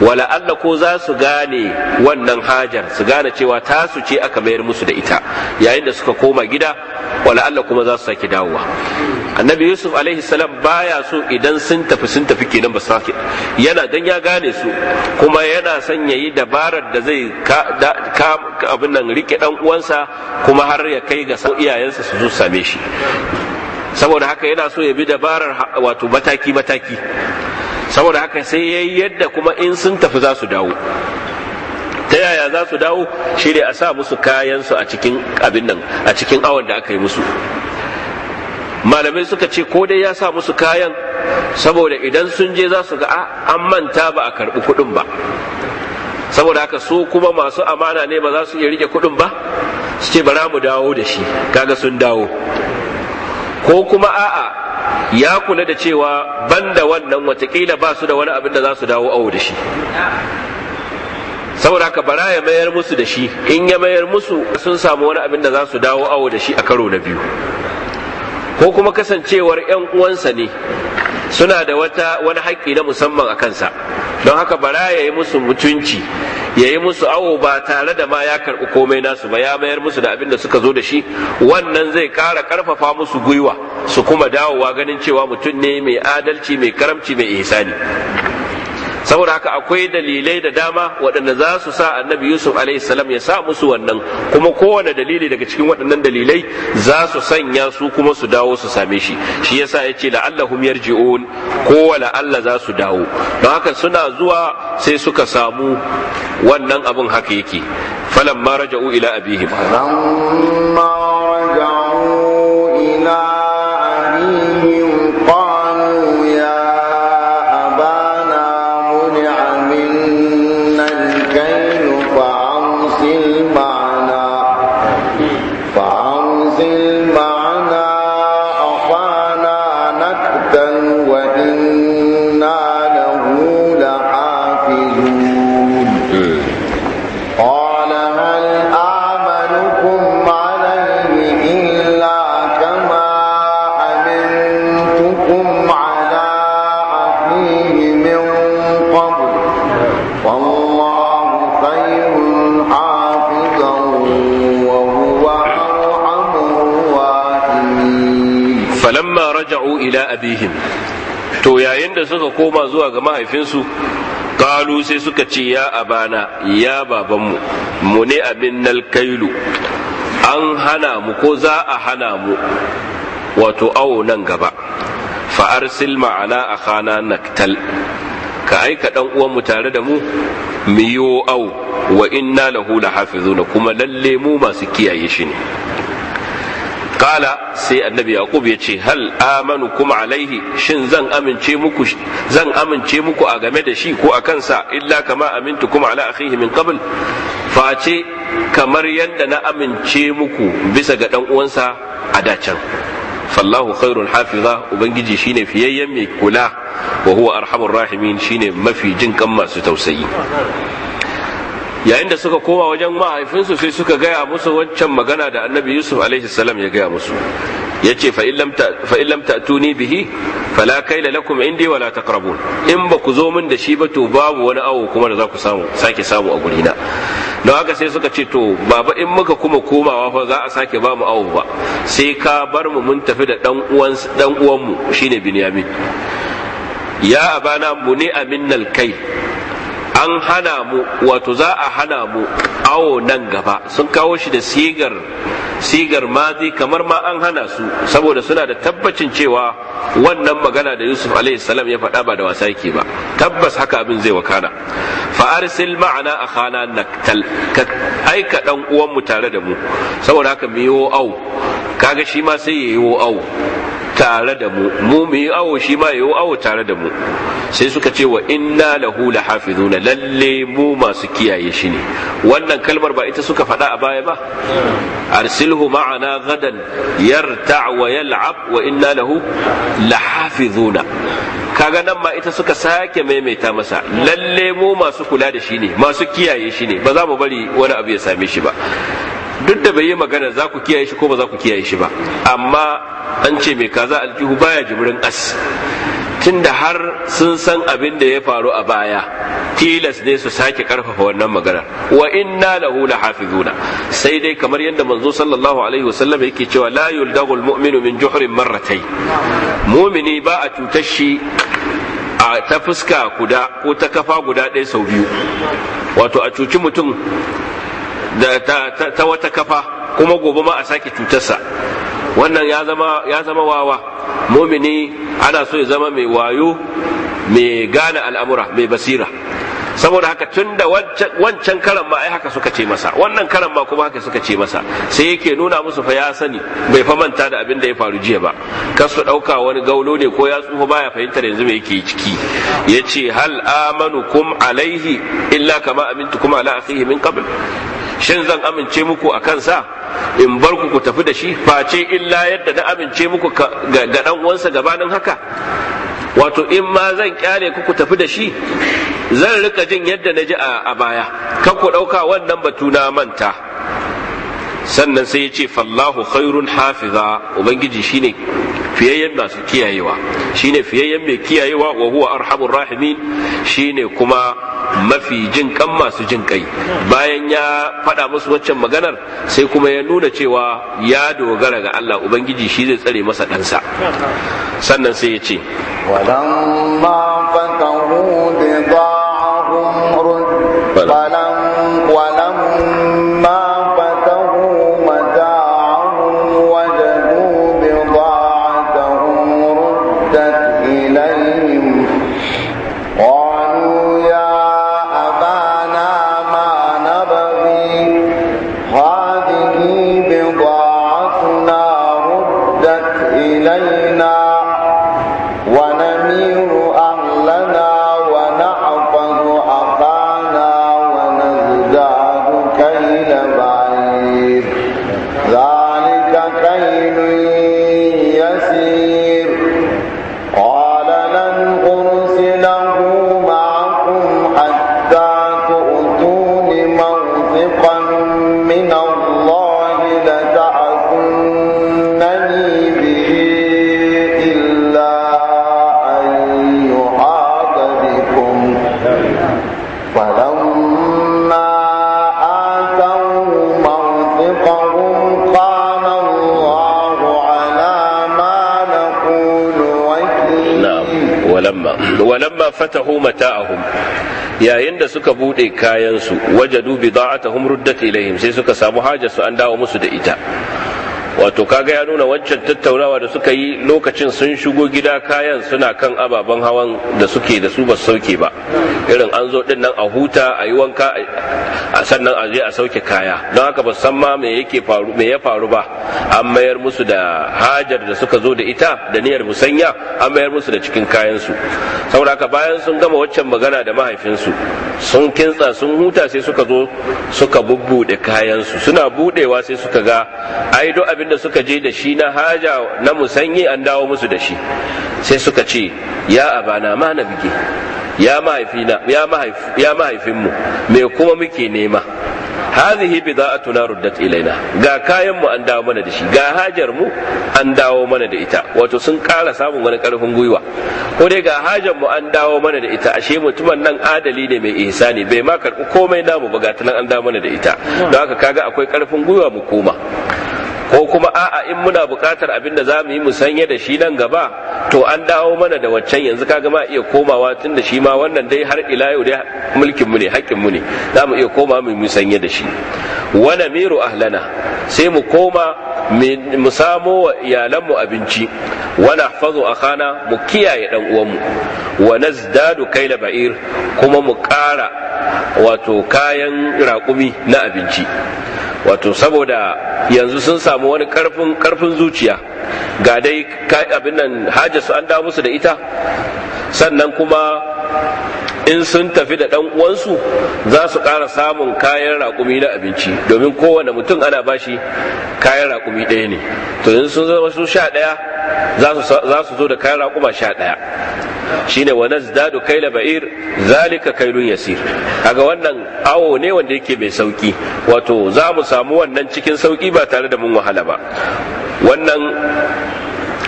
wala ko za su gane wannan hajar su gane cewa ta su ce aka mayar musu da ita yayin da suka koma gida wala kuma za su sake dawowa annabi yusuf alaihi salam baya so idan sun tafi sun tafi kenan ba sake yana dan ya gane su kuma yana son ya yi dabarar da zai ka abin nan rike dan uwansa kuma har ya kai ga iyayensa su zo same shi saboda haka yana so ya bi dabarar wato mataki mataki saboda haka sai ya yi yadda kuma in sun tafi za su dawo ta yaya za su dawo shi a sa musu kayansu a cikin abin nan a cikin awon da aka yi musu malamai suka ce ko dai ya sa musu kayan saboda idan sun je za su ga ah, an manta ba a karɓi kuɗin ba saboda haka su kuma masu amana ne ba za su iya rike kuɗin ba su ce bara mu dawo da shi kaga sun dawo ko kuma a'a ya kula da cewa banda wannan watakila ba su da wani abin da za su dawo awo da shi saboda haka bara ya mayar musu da shi in ya mayar musu sun samu wani abin da za su dawo awo da shi a karo na biyu ko kuma kasancewar 'yan uwansa ne suna da wata wani haƙƙi na musamman a kansa don haka bara ya yi musu mutunci ya yi musu awo ba tare da ma ya karɓi komai nasu ba ya mayar musu da abin da suka zo da shi wannan zai ƙara ƙarfafa musu gwiwa su kuma dawowa ganin cewa mutum ne mai adalci mai karamci mai ihsani saboda haka akwai dalilai da dama waɗanda za su sa annabi yusuf salam ya sa musu wannan kuma kowane dalili daga cikin waɗannan dalilai za su sanya su kuma su dawo su same shi shi yasa ya ce la'allahum yarji'un ko la'alla za su dawo don haka suna zuwa sai suka samu wannan abin haka yake falamma raja'u ila abihim ila abihim to yayin da suka koma zuwa ga mahaifinsu kalu sai suka ce ya abana ya babanmu mu ne abin kailu an hana mu ko za a hana mu wato awo nan gaba fa'arsil ma'ana a khana naktal ka aika dan uwanmu tare da mu miyo au wa inna lahu lahafizuna kuma lalle mu masu kiyaye shi ne kala sai annabi yaqub ya ce hal amanu kuma alaihi shin zan amince muku a game da shi ko a kansa illa kama amintu kuma ala akhihi min qabl face kamar yadda na amince muku bisa ga dan uwansa a dacan fallahu khairul hafiza ubangiji shine fiyayyen mai kula wa huwa arhamur rahimin shine mafi jin kan masu tausayi yayin da suka koma wajen mahaifinsu sai suka gaya musu wancan magana da annabi yusuf alaihi salam ya gaya musu ya ce fa'in lam tuni bihi fala kaila lakum indi wala taqrabun in ba ku zo min da shi ba to babu wani awo kuma da za ku sake samu a gurina don haka sai suka ce to baba in muka kuma komawa fa za a sake ba mu awo ba sai ka bar mu mun tafi da dan uwan dan ya shine binyamin ya abana muni aminnal kai an hana mu wato za a hana mu awo nan gaba sun kawo shi da sigar sigar mazi kamar ma an hana su saboda suna da tabbacin cewa wannan magana da yusuf salam ya faɗa ba da wasa yake ba tabbas haka abin zai wakana fa ma'ana a khana naktal ka aika dan uwan tare da mu saboda haka mu yi au kaga shi ma sai ya yi au tare da mu mu mu yi awo shi ma yi awo tare da mu sai suka ce wa inna lahu lahafizuna lalle mu masu kiyaye shi ne wannan kalmar ba ita suka faɗa a baya ba arsilhu ma'ana gadan yarta wa yal'ab wa inna lahu lahafizuna kaga nan ma ita suka sake maimaita masa lalle mu masu kula da shi ne masu kiyaye shi ne ba za mu bari wani abu ya same shi ba duk da bai yi magana za ku kiyaye shi ko ba za ku kiyaye shi ba amma an ce mai kaza aljihu baya jimirin as tunda har sun san abin da ya faru a baya tilas ne su sake karfafa wannan magana wa inna lahu hafizuna sai dai kamar yadda manzo sallallahu alaihi wasallam yake cewa la yuldagul mu'minu min juhrin marratay mu'mini ba a cutar shi a ta fuska guda ko ta kafa guda ɗaya sau biyu wato a cuci mutum da ta wata kafa kuma gobe ma a sake cutarsa wannan ya zama wawa mumini ana so ya zama mai wayo mai gane al'amura mai basira saboda haka tun da wancan karan ma ai haka suka ce masa wannan karan ma kuma haka suka ce masa sai yake nuna musu fa ya sani bai fa manta da abin da ya faru jiya ba Kasu su dauka wani gaulo ne ko ya tsufa baya fahimtar yanzu me yake ciki yace hal amanukum alaihi illa kama amintukum ala akhihi min qabl shin zan amince muku a kansa in bar ku ku tafi da shi face illa yadda na amince muku ga dan uwansa gabanin haka wato in ma zan kyale ku ku tafi da shi zan rika jin yadda na ji a baya kan ku ɗauka wannan batu na manta sannan sai ya ce fallahu khairun hafiza ubangiji shine fiyayyen masu kiyayewa shine fiyayyen mai kiyayewa wa huwa arhamur rahimin shine kuma mafi jin kan masu jin kai bayan ya faɗa musu waccan maganar sai kuma ya nuna cewa ya dogara ga Allah ubangiji shi zai tsare masa ɗansa sannan sai ya ce walamma fatahu mata'ahum yayin da suka bude kayan su wajadu bida'atahum ruddat ilaihim sai suka samu hajar su an dawo musu da ita wato kaga ya nuna wancan tattaunawa da suka yi lokacin sun shigo gida kayan suna kan ababen hawan da suke da su ba sauke ba irin an zo din nan a huta a yi wanka a sannan a je a sauke kaya don haka ba san ma me yake faru me ya faru ba an mayar musu da hajar da suka zo da ita da niyyar musanya an mayar musu da cikin kayan su saboda haka bayan sun gama waccan magana da mahaifinsu sun kintsa sun huta sai suka zo suka bubbude kayan su suna budewa sai suka ga ai duk abin abin da suka je da shi na haja na musanyi an dawo musu da shi sai suka ce ya abana ma na bige ya mahaifinmu me kuma muke nema za a tuna ruddat ilaina ga kayanmu an dawo mana da shi ga hajarmu an dawo mana da ita wato sun kara samun wani karfin gwiwa ko dai ga hajarmu an dawo mana da ita ashe mutumin nan adali ne mai ihsani bai ma karɓi komai namu ba ga an dawo mana da ita don haka kaga akwai karfin gwiwa mu koma ko kuma a'a in muna bukatar abin da za mu yi mu sanya da shi nan gaba to an dawo mana da waccan yanzu kaga ma iya komawa tun da shi ma wannan dai har ila yau dai mulkin mu ne haƙƙin mu ne za mu iya koma mu mu sanya da shi wana miru ahlana sai mu koma mu samo wa iyalan mu abinci wana hafazu akhana mu kiyaye dan uwan mu wa nazdadu kaila ba'ir kuma mu ƙara wato kayan raƙumi na abinci wato saboda yanzu sun samu wani karfin karfin zuciya ga dai abin nan su an da musu da ita sannan kuma in sun tafi da ɗan uwansu za su ƙara samun kayan raƙumi na abinci domin kowane mutum ana bashi kayan raƙumi ɗaya ne to in sun zama su sha ɗaya za su zo da kayan raƙuma sha ɗaya shine wa nazdadu kaila ba'ir zalika kailun yasir kaga wannan awo ne wanda yake mai sauki wato za mu samu wannan cikin sauki ba tare da mun wahala ba wannan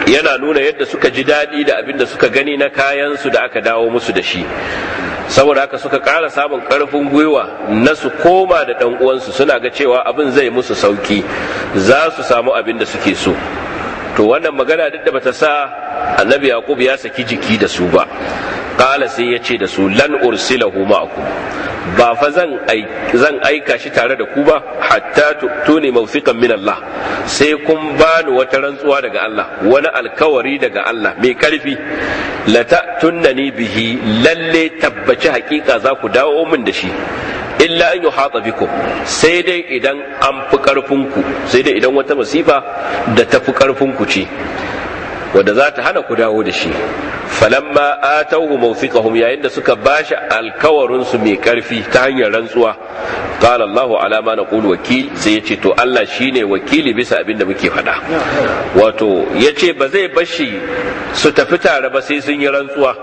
yana nuna yadda suka ji daɗi da abin da suka gani na kayansu da aka dawo musu da shi saboda haka suka ƙara samun ƙarfin gwiwa na su koma da ɗan uwansu suna ga cewa abin zai musu sauki za su samu abin da suke so to wannan magana duk da bata sa annabi yaqub ya saki jiki da su ba qala sai yace da su lan ursilahu ma'akum ba fa zan zan aika shi tare da ku ba hatta tuni mawthiqan min Allah sai kun bani wata rantsuwa daga Allah wani alkawari daga Allah mai karfi la tunnani bihi lalle tabbaci hakika za ku dawo min da shi illa an yuhata bikum sai dai idan an fi karfin ku sai dai idan wata masifa da ta fi karfin ku ce wanda za ta hana ku dawo da shi falamma atawhu mawthiqahum yayin da suka bashi alkawarin su mai karfi ta hanyar rantsuwa qala Allahu ala ma naqulu wakil sai yace to Allah shine wakili bisa abin da muke faɗa wato yace ba zai bashi su tafi tare ba sai sun yi rantsuwa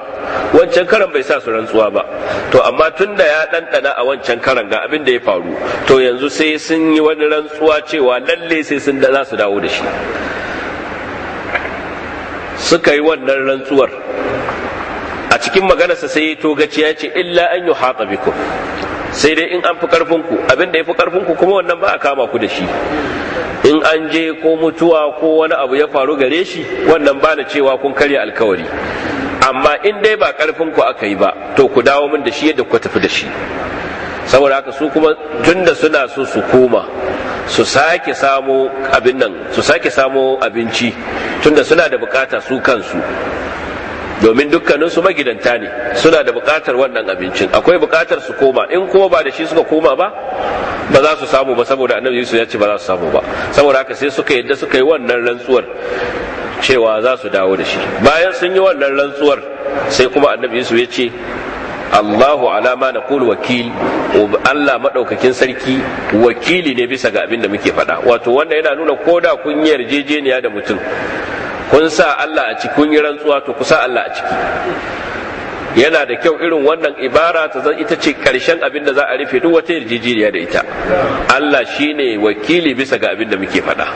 wancan karan bai sa su rantsuwa ba to amma tunda ya ɗanɗana a wancan karan ga abin da ya faru to yanzu sai sun yi wani rantsuwa cewa lalle sai sun da za su dawo da shi suka yi wannan rantsuwar a cikin maganarsa sai ya togaci ya ce illa an yi haƙa biku sai dai in an fi ƙarfinku abin da ya fi ƙarfinku kuma wannan ba a kama ku da shi in an je ko mutuwa ko wani abu ya faru gare shi wannan ba na cewa kun karya alkawari amma in dai ba ƙarfinku aka yi ba to ku dawo min da shi yadda ku tafi da shi saboda haka su kuma tunda suna so su koma su sake samo abin nan su sake samo abinci tunda suna da bukata su kansu domin dukkaninsu magidanta ne suna da bukatar wannan abincin akwai bukatar su koma in kuma ba da shi suka koma ba ba za su samu ba saboda annabi Yusuf ya ce ba za su samu ba saboda haka sai suka yadda suka yi wannan rantsuwar cewa za su dawo da shi bayan sun yi wannan rantsuwar sai kuma annabi Yusuf ya ce Allahu alama na kulu wakil Allah maɗaukakin sarki wakili ne bisa ga abin da muke faɗa wato wanda yana nuna ko da kun yi yarjejeniya da mutum kun sa Allah a ciki kun yi rantsuwa to ku sa Allah a ciki yana da kyau irin wannan ibara ta zan ita ce karshen abin da za a rufe duk wata yarjejeniya da ita Allah shine wakili bisa ga abin da muke faɗa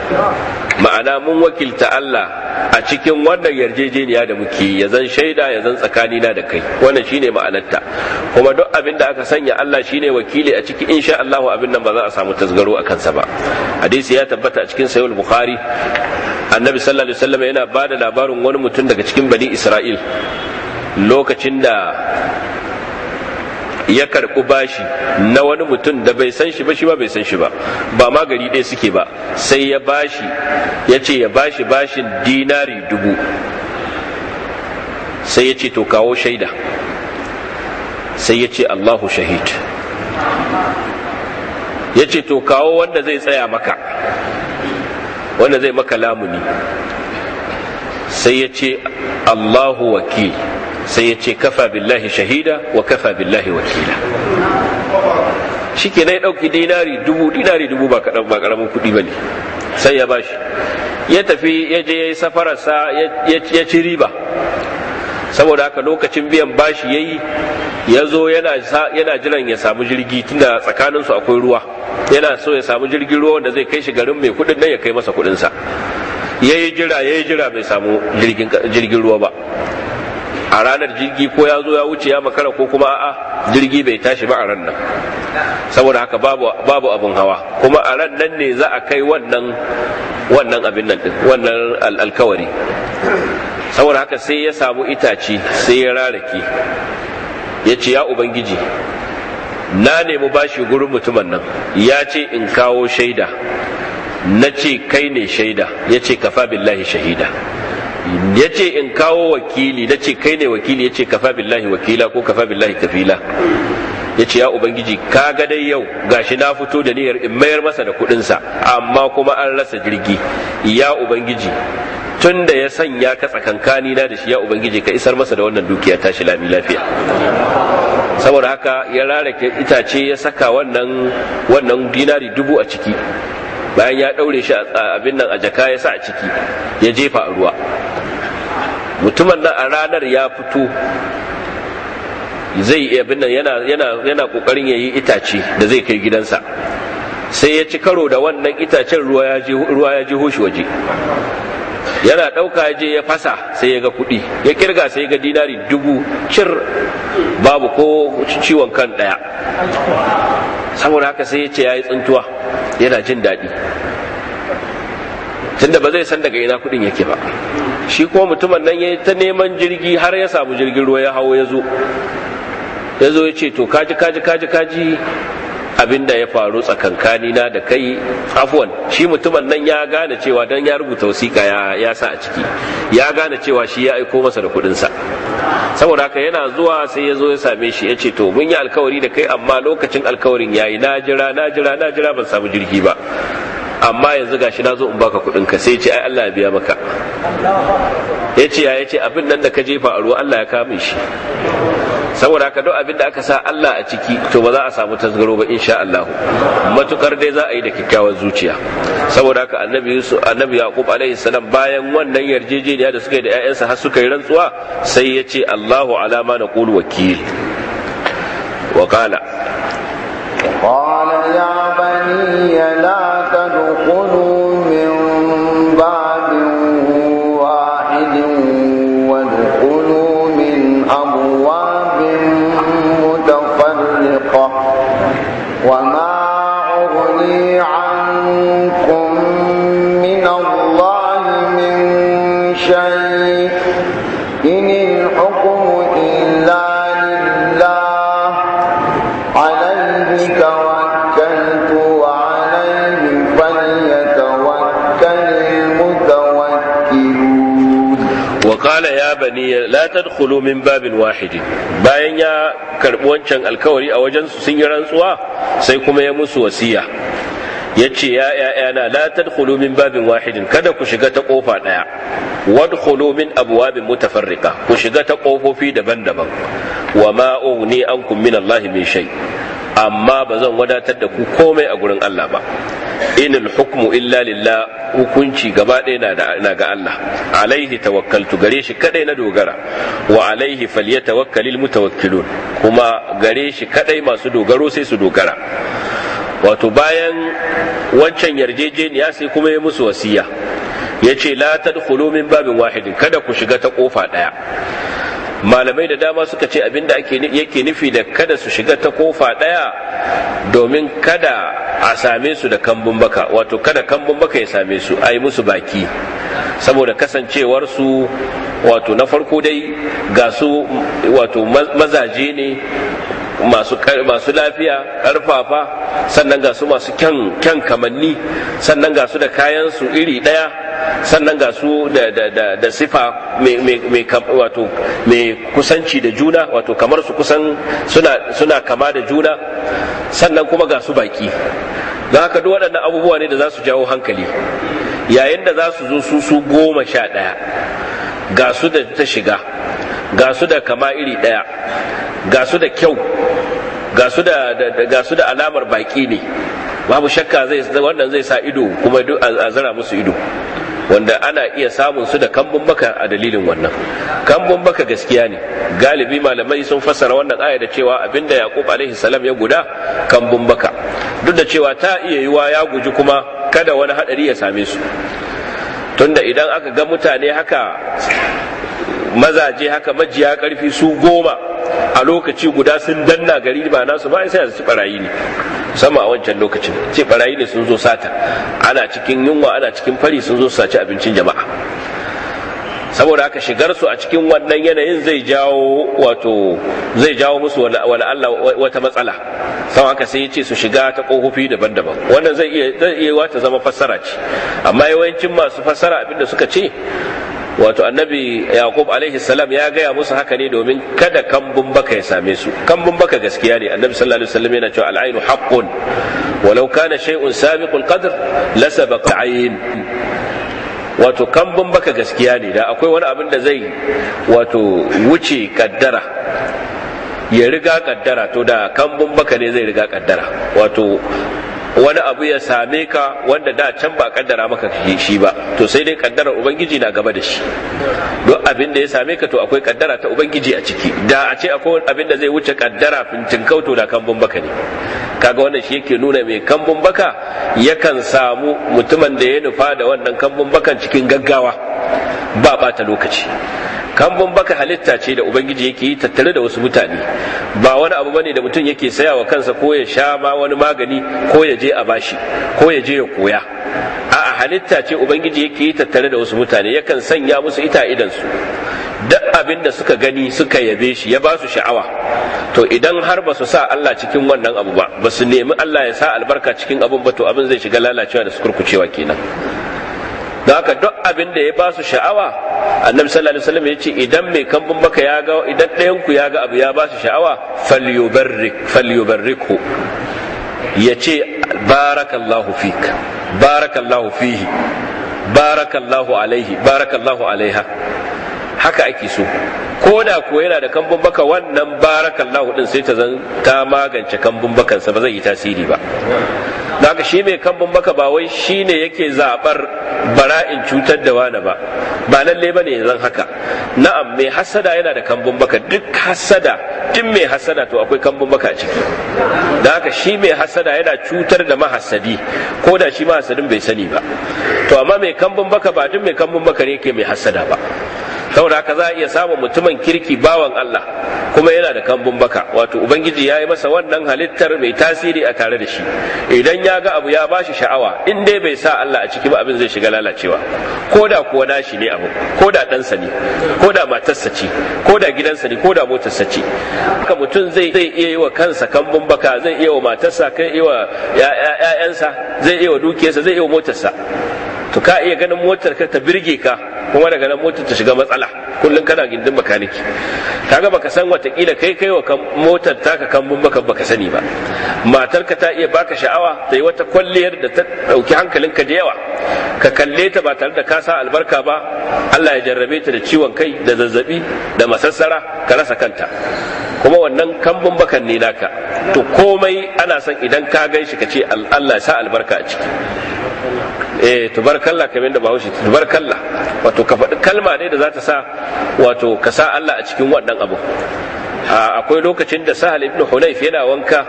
ma'ana mun wakilta Allah a cikin wannan yarjejeniya da muke ya zan shaida ya zan na da kai wannan shine ma'anarta kuma duk abin da aka sanya Allah shine wakili a cikin insha Allah abin nan ba za a samu tasgaro a kansa ba hadisi ya tabbata a cikin sahih bukhari annabi sallallahu alaihi wasallam yana bada labarin wani mutum daga cikin bani isra'il lokacin da ya karɓi bashi na wani mutum da bai san shi ba shi ma bai san shi ba ba ma gari ɗaya suke ba sai ya bashi ya ce ya bashi bashin dinari dubu sai ya ce to kawo shaida sai ya ce allahu shahid ya ce to kawo wanda zai tsaya maka wanda zai maka lamuni sai ya ce allahu wakil sai ya ce kafa billahi shahida wa kafa billahi wakila shi ke nai ɗauki dinari dubu dinari dubu ba kaɗan ba ƙaramin kuɗi ba ne sai ya bashi ya tafi ya je ya yi safararsa ya ci riba saboda haka lokacin biyan bashi ya yi ya zo yana jiran ya samu jirgi tunda tsakaninsu akwai ruwa yana so ya samu jirgin ruwa wanda zai kai shi garin mai kuɗin nan ya kai masa kuɗinsa ya yi jira ya yi jira bai samu jirgin ruwa ba a ranar jirgi ko ya zo ya wuce ya makara ko kuma a'a jirgi bai tashi ba a ran nan saboda haka babu abin hawa kuma a ran nan ne za a kai wannan wannan abin nan din wannan alkawari saboda haka sai ya samu itace sai ya rarake ya ce ya ubangiji na nemi bashi gurin mutumin nan ya ce in kawo shaida na ce kai ne shaida ya ce kafa billahi shahida ya ce in kawo wakili na kai ne wakili yace ce kafa billahi wakila ko kafa billahi kafila ya ce ya ubangiji ka ga dai yau gashi na fito da niyyar in mayar masa da kuɗinsa amma kuma an rasa jirgi ya ubangiji tun da ya sanya ka tsakankani na da shi ya ubangiji ka isar masa da wannan dukiya tashi lami lafiya saboda haka ya rarake itace ya saka wannan wannan dinari dubu a ciki bayan ya daure shi abin nan a jaka ya sa a ciki ya jefa a ruwa mutumin nan a ranar ya fito zai iya bin nan yana kokarin ya yi itace da zai kai gidansa sai ya ci karo da wannan itacen ruwa ya ji hoshi waje yana ɗauka ya je ya fasa sai ya ga kuɗi ya kirga sai ya ga dinari dubu cir babu ko ciwon kan ɗaya saboda haka sai ya ce ya yi tsintuwa yana jin daɗi tunda ba zai san daga ina kuɗin yake ba shi ko mutumin nan ya ta neman jirgi har ya samu jirgin ruwa ya hawo ya zo ya zo ya ce to kaji kaji kaji kaji abinda ya faru tsakankani na da kai afwan shi mutumin nan ya gane cewa dan ya rubuta wasiƙa ya, ya sa a ciki ya gane cewa shi ya aiko masa da kuɗin sa saboda haka yana zuwa sai ya zo ya same shi ya ce to mun yi alkawari da kai amma lokacin alkawarin yayi yi na jira na jira na jira ban samu jirgi ba amma yanzu gashi na zo in baka kuɗin ka sai ce ai Allah ya biya maka ya ce ya ce abin nan da ka jefa a ruwa Allah ya kame shi saboda haka duk abin da aka sa Allah a ciki to ba za a samu tasgaro ba insha Allah matukar dai za a yi da kyakkyawar zuciya saboda ka annabi Yusuf annabi Yaqub alaihi salam bayan wannan yarjejeniya da suka yi da ƴaƴansa har suka yi rantsuwa sai ya ce Allahu ala ma naqulu wakil qala la la tadkhulu min babin wahidin bayan ya karbi wancan alkawari a wajen su sun yi rantsuwa sai kuma ya musu wasiya yace ya yayana la tadkhulu min babin wahidin kada ku shiga ta kofa daya wadkhulu min abwabin mutafarriqa ku shiga ta kofofi daban-daban wa ma ughni ankum min Allah min shay amma bazan wadatar da ku komai a gurin Allah ba inin hukmu illa lillah hukunci gaba ɗaya na ga Allah alaihi tawakkaltu gare shi kadai na dogara wa alaihi falyatawakkalil mutawakkilun kuma gare shi kadai masu dogaro sai su dogara wato bayan wancan yarjejeniya sai kuma ya musu wasiya ya ce la tadkhulu min babin wahidin kada ku shiga ta kofa ɗaya malamai da dama suka ce abinda yake nufi da kada su shiga ta kofa ɗaya domin kada a same su da kambun baka wato kada kambun baka ya same su a yi musu baki saboda kasancewarsu wato na farko dai ga su wato mazaje ne masu masu lafiya karfafa sannan ga su masu kyan kyan kamanni sannan ga su da kayan su iri daya sannan ga su da da da, da sifa mai wato mai kusanci da juna wato kamar su kusan suna suna kama da juna sannan kuma ga su baki don haka duk waɗannan abubuwa ne da za su jawo hankali yayin da za su zo su su goma sha ɗaya ga su da ta shiga ga su da kama iri ɗaya ga su da kyau ga su da alamar baki ne babu shakka zai wannan zai sa ido kuma a zara musu ido wanda ana iya samun su da kambun baka a dalilin wannan kambun baka gaskiya ne galibi malamai sun fassara wannan aya da cewa abinda yaqub alaihi salam ya guda kambun baka duk da cewa ta iya yiwa ya guji kuma kada wani hadari ya same su tunda idan aka ga mutane haka mazaje haka majiya karfi su goma a lokaci guda sun danna gari ba nasu ba sai su barayi ne sama a wancan lokacin ce barayi ne sun zo sata ana cikin yunwa ana cikin fari sun zo su saci abincin jama'a saboda haka shigar su a cikin wannan yanayin zai jawo wato zai jawo musu wani Allah wata matsala sau haka sai ya ce su shiga ta kofofi daban-daban wannan zai iya zai iya wata zama fassara ce amma yawancin masu fassara abinda suka ce wato annabi yaqub alaihi salam ya gaya musu haka ne domin kada kambun baka ya same su kambun baka gaskiya ne annabi sallallahu alaihi wasallam yana cewa al'ainu haqqun walau kana shay'un sabiqul qadr lasabaqa ayn wato kambun baka gaskiya ne da akwai wani abin da zai wato wuce kaddara ya riga kaddara to da kambun baka ne zai riga kaddara wato wani abu ya same ka wanda da can ba kaddara maka kake shi ba to sai dai kaddarar ubangiji na gaba da shi duk abin da ya same ka to akwai kaddara ta ubangiji a ciki da a ce akwai abin da zai wuce kaddara fintin kauto da kambun baka ne kaga wannan shi yake nuna mai kambun baka yakan samu mutumin da ya nufa da wannan kambun bakan cikin gaggawa ba bata lokaci kambun baka halitta ce da ubangiji yake yi tattare da wasu mutane ba wani abu bane da mutum yake saya wa kansa ko ya sha ma wani magani ko ya je a bashi ko ya je ya koya a'a halitta ce ubangiji yake yi tattare da wasu mutane yakan sanya musu ita idan su duk abin da suka gani suka yabe shi ya ba su sha'awa to idan har ba su sa Allah cikin wannan abu ba ba su nemi Allah ya sa albarka cikin abun ba to abin zai shiga lalacewa da su kurkucewa kenan don haka duk abin da ya ba su sha'awa annabi sallallahu alaihi wasallam ya ce idan mai kambun baka ya ga idan ɗayan ku ya ga abu ya ba su sha'awa falyubarrik falyubarriku ya ce barakallahu fik barakallahu fihi barakallahu alaihi barakallahu alaiha haka ake so ko da ko yana da kambun baka wannan barakallahu din sai ta zan ta magance kambun bakansa ba zai yi tasiri ba daga shi mai kambun baka ba wai shi ne yake zaɓar bara'in cutar da wani ba ba lalle ba ne zan haka na'am mai hasada yana da kambun baka duk hasada tun mai hasada to akwai kambun baka a ciki da haka shi mai hasada yana cutar da mahasadi ko da shi mahasadin bai sani ba to amma mai kambun baka ba duk mai kambun baka ne yake mai hasada ba saboda haka za a iya samun mutumin kirki bawan Allah kuma yana da kambun baka wato ubangiji ya yi masa wannan halittar mai tasiri a tare da shi idan ya ga abu ya ba shi sha'awa in dai bai sa Allah a ciki ba abin zai shiga lalacewa ko da kuwa nashi ne abu ko da ɗansa ne ko da matarsa ce ko da gidansa ne ko da motarsa ce haka mutum zai zai iya yi wa kansa kambun baka zai iya wa matarsa kai iya wa 'ya'yansa zai iya wa dukiyarsa zai iya wa motarsa to ka iya ganin motar ka ta birge ka kuma daga nan motar ta shiga matsala kullum kana gindin makaniki kaga baka san watakila kai kai wa motar taka kambun baka baka sani ba matar ka ta iya baka sha'awa ta yi wata kwalliyar da ta dauki hankalinka da yawa ka kalle ta ba tare da ka sa albarka ba Allah ya jarrabe ta da ciwon kai da zazzabi da masassara ka rasa kanta kuma wannan kambun bakan ne naka to komai ana son idan ka gan shi ka ce Allah ya sa albarka a ciki eh tubarkalla kamar da bahaushe tubarkalla wato ka faɗi kalma ne da za ta sa wato ka sa Allah a cikin wannan abu akwai lokacin da sahal ibnu hunayf yana wanka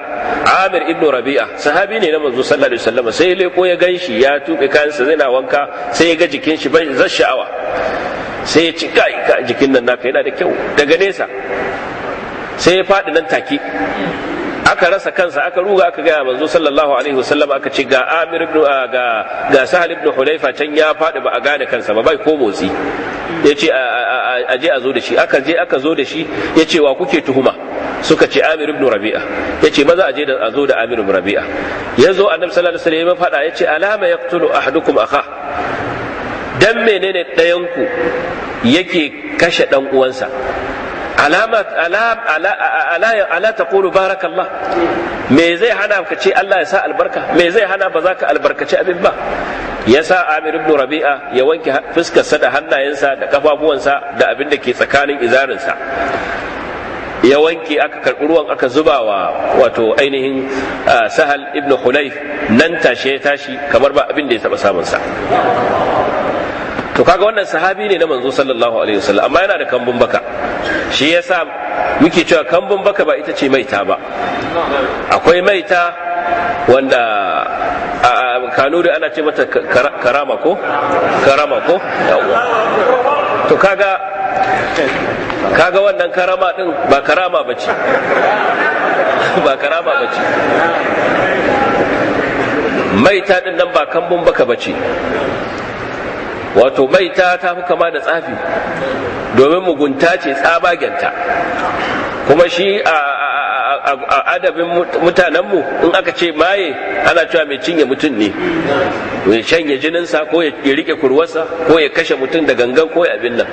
amir ibnu rabi'a sahabi ne na manzo sallallahu alaihi wasallam sai leko ya ganshi ya tuɓe kansa zai na wanka sai ya ga jikin shi bai zai sha'awa sai ya cika a jikin nan naka yana da kyau daga nesa sai ya faɗi nan take aka rasa kansa aka ruga aka gaya manzo sallallahu alaihi wasallam aka ce ga Amir ibn ah, ga ga Sahal ibn hudayfa can ya fadi ba a gane kansa ba bai ko motsi yace a je a zo da shi aka je aka zo da shi yace wa kuke tuhuma suka ce Amir ibn Rabi'a yace maza a je da a zo da Amir ibn Rabi'a yazo Annabi sallallahu alaihi wasallam fada faɗa yace alama yaqtulu ahadukum akha dan menene ɗayan ku yake kashe dan uwansa alama ala taqulu barakallah me zai hana ka ce Allah ya sa albarka me zai hana ba za ka albarkaci abin ba ya sa Amir ibn Rabi'a ya wanke fuskarsa da hannayensa da kafafuwansa da abin da ke tsakanin izarinsa ya wanke aka karɓi ruwan aka zuba wa wato ainihin sahal ibn hunayf nan tashe ya tashi kamar ba abin da ya taɓa samunsa to kaga wannan sahabi ne na manzo sallallahu alaihi wasallam amma yana da kambun baka shi ya sa muke cewa kambun baka ba ita ce maita ba akwai maita wanda a kanuri ana ce mata karama ko karama ko to kaga kaga wannan karama din ba karama ce ba karama ce maita din nan ba kambun baka ce wato maita ta fi kama da tsafi domin mugunta ce tsabagenta kuma shi a adabin mutanenmu in aka ce maye ana cewa mai cinye mutum ne ya shanye jininsa ko ya rike kurwarsa ko ya kashe mutum da gangan ko ya abin nan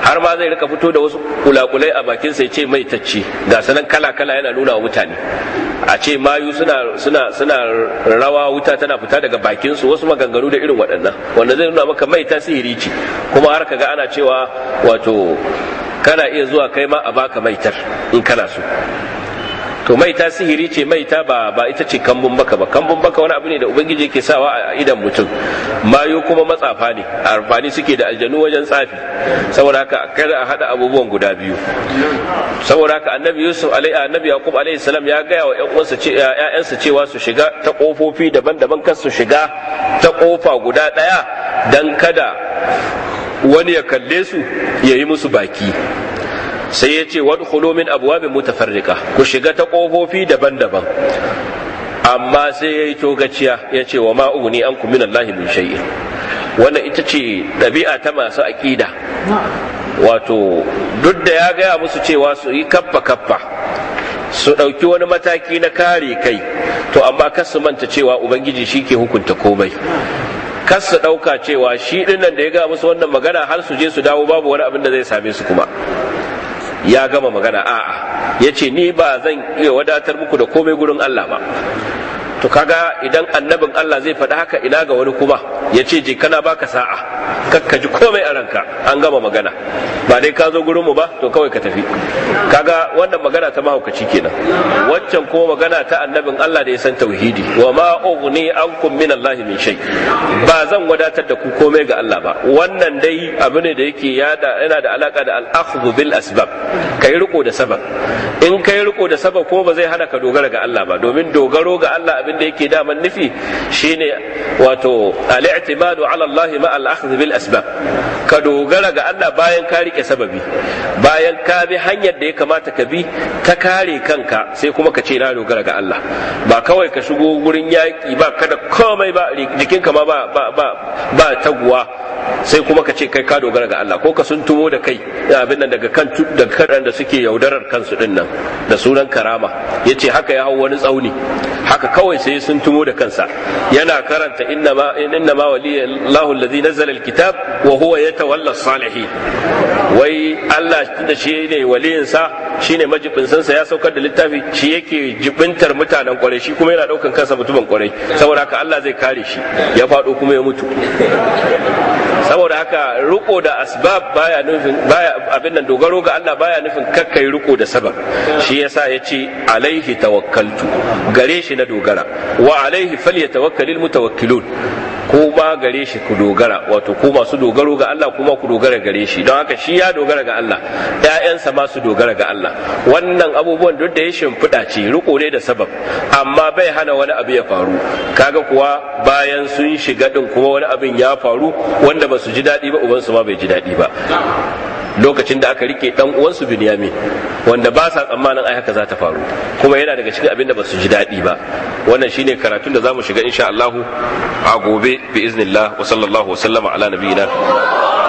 har ma zai rika fito da wasu kulakulai a bakinsa ya ce mai tacci ga sanan kala kala yana nuna wa mutane a ce mayu suna rawa wuta tana fita daga bakin su wasu maganganu da irin waɗannan wanda zai nuna maka mai tasiri ce kuma har kaga ana cewa wato kana iya zuwa kai ma a baka maitar in kana so to mai ta sihiri ce mai ta ba ba ita ce kambun baka ba kambun baka wani abu ne da ubangiji yake sawa a idan mutum mayo kuma matsafa ne amfani suke da aljanu wajen tsafi saboda haka kada a hada abubuwan guda biyu saboda haka annabi yusuf alaihi annabi yaqub alaihi salam ya gaya wa ƴan uwansa ce ƴaƴansa cewa su shiga ta kofofi daban-daban kan su shiga ta kofa guda daya dan kada wani ya kalle su ya yi musu baki sai ya ce wadkhulu min abwabin mutafarrika ku shiga ta ƙofofi daban-daban amma sai ya yi togaciya ya ce wa ma'uguni an ku minallahi min shay'in wannan ita ce ɗabi'a ta masu aƙida wato duk da ya gaya musu cewa su yi kaffa kaffa su ɗauki wani mataki na kare kai to amma kas manta cewa ubangiji shi ke hukunta komai kas su ɗauka cewa shi ɗinnan da ya gaya musu wannan magana har su je su dawo babu wani abin da zai same su kuma ya gama magana a'a ya ce ni ba zan iya wadatar muku da komai gurin Allah ba to kaga idan annabin Allah zai faɗi haka ina ga wani kuma ya ce je kana baka sa'a kakka ji komai a ranka an gama magana ba dai ka zo gurin mu ba to kawai ka tafi kaga wannan magana ta mahaukaci kenan waccan kuma magana ta annabin Allah da ya san tauhidi wa ma ughni ankum min Allah min shay ba zan wadatar da ku komai ga Allah ba wannan dai abu ne da yake da yana da alaka da al-akhdhu bil asbab kai riko da sabab in kai riko da sabab ko ba zai hana ka dogara ga Allah ba domin dogaro ga Allah abin abin da yake daman nufi shine wato al-i'timadu ala Allah ma al akhd bil asbab ka dogara ga Allah bayan ka rike sababi bayan ka bi hanyar da ya kamata ka bi ta kare kanka sai kuma ka ce na dogara ga Allah ba kawai ka shigo gurin yaki ba kada komai ba jikinka ma ba ba ba, taguwa sai kuma ka ce kai ka dogara ga Allah ko ka sun tuwo da kai abin nan daga kan daga kan da suke yaudarar kansu din nan da sunan karama yace haka ya hau wani tsauni haka kawai kawai sai sun tumo da kansa yana karanta inna ma waliya Allahu allazi nazzala alkitab wa huwa yatawalla salihin wai Allah tunda shi ne waliyin sa shine majibin sa ya saukar da littafi shi yake jibintar mutanen kwarai shi kuma yana daukan kansa mutumin kwarai saboda haka Allah zai kare shi ya fado kuma ya mutu saboda haka riko da asbab baya nufin baya abin nan dogaro ga Allah baya nufin kakkai riko da sabab shi yasa yace alaihi tawakkaltu gare shi na dogara wa alaihi falyatawakkalil mutawakkilun ko ba gare shi ku dogara wato ko masu dogaro ga Allah kuma ku dogara gare shi don haka shi ya dogara ga Allah ƴaƴansa ma su dogara ga Allah wannan abubuwan duk da ya shimfiɗa ce riko ne da sabab amma bai hana wani abu ya faru kaga kuwa bayan sun shiga din kuma wani abin ya faru wanda ba su ji daɗi ba ubansu ma bai ji daɗi ba lokacin da aka rike dan uwansu binyamin wanda ba sa tsammanin ai haka za ta faru kuma yana daga cikin abin da ba su ji daɗi ba wannan shine karatun da zamu shiga insha Allah a gobe bi iznillah wa sallallahu wa sallama ala nabiyina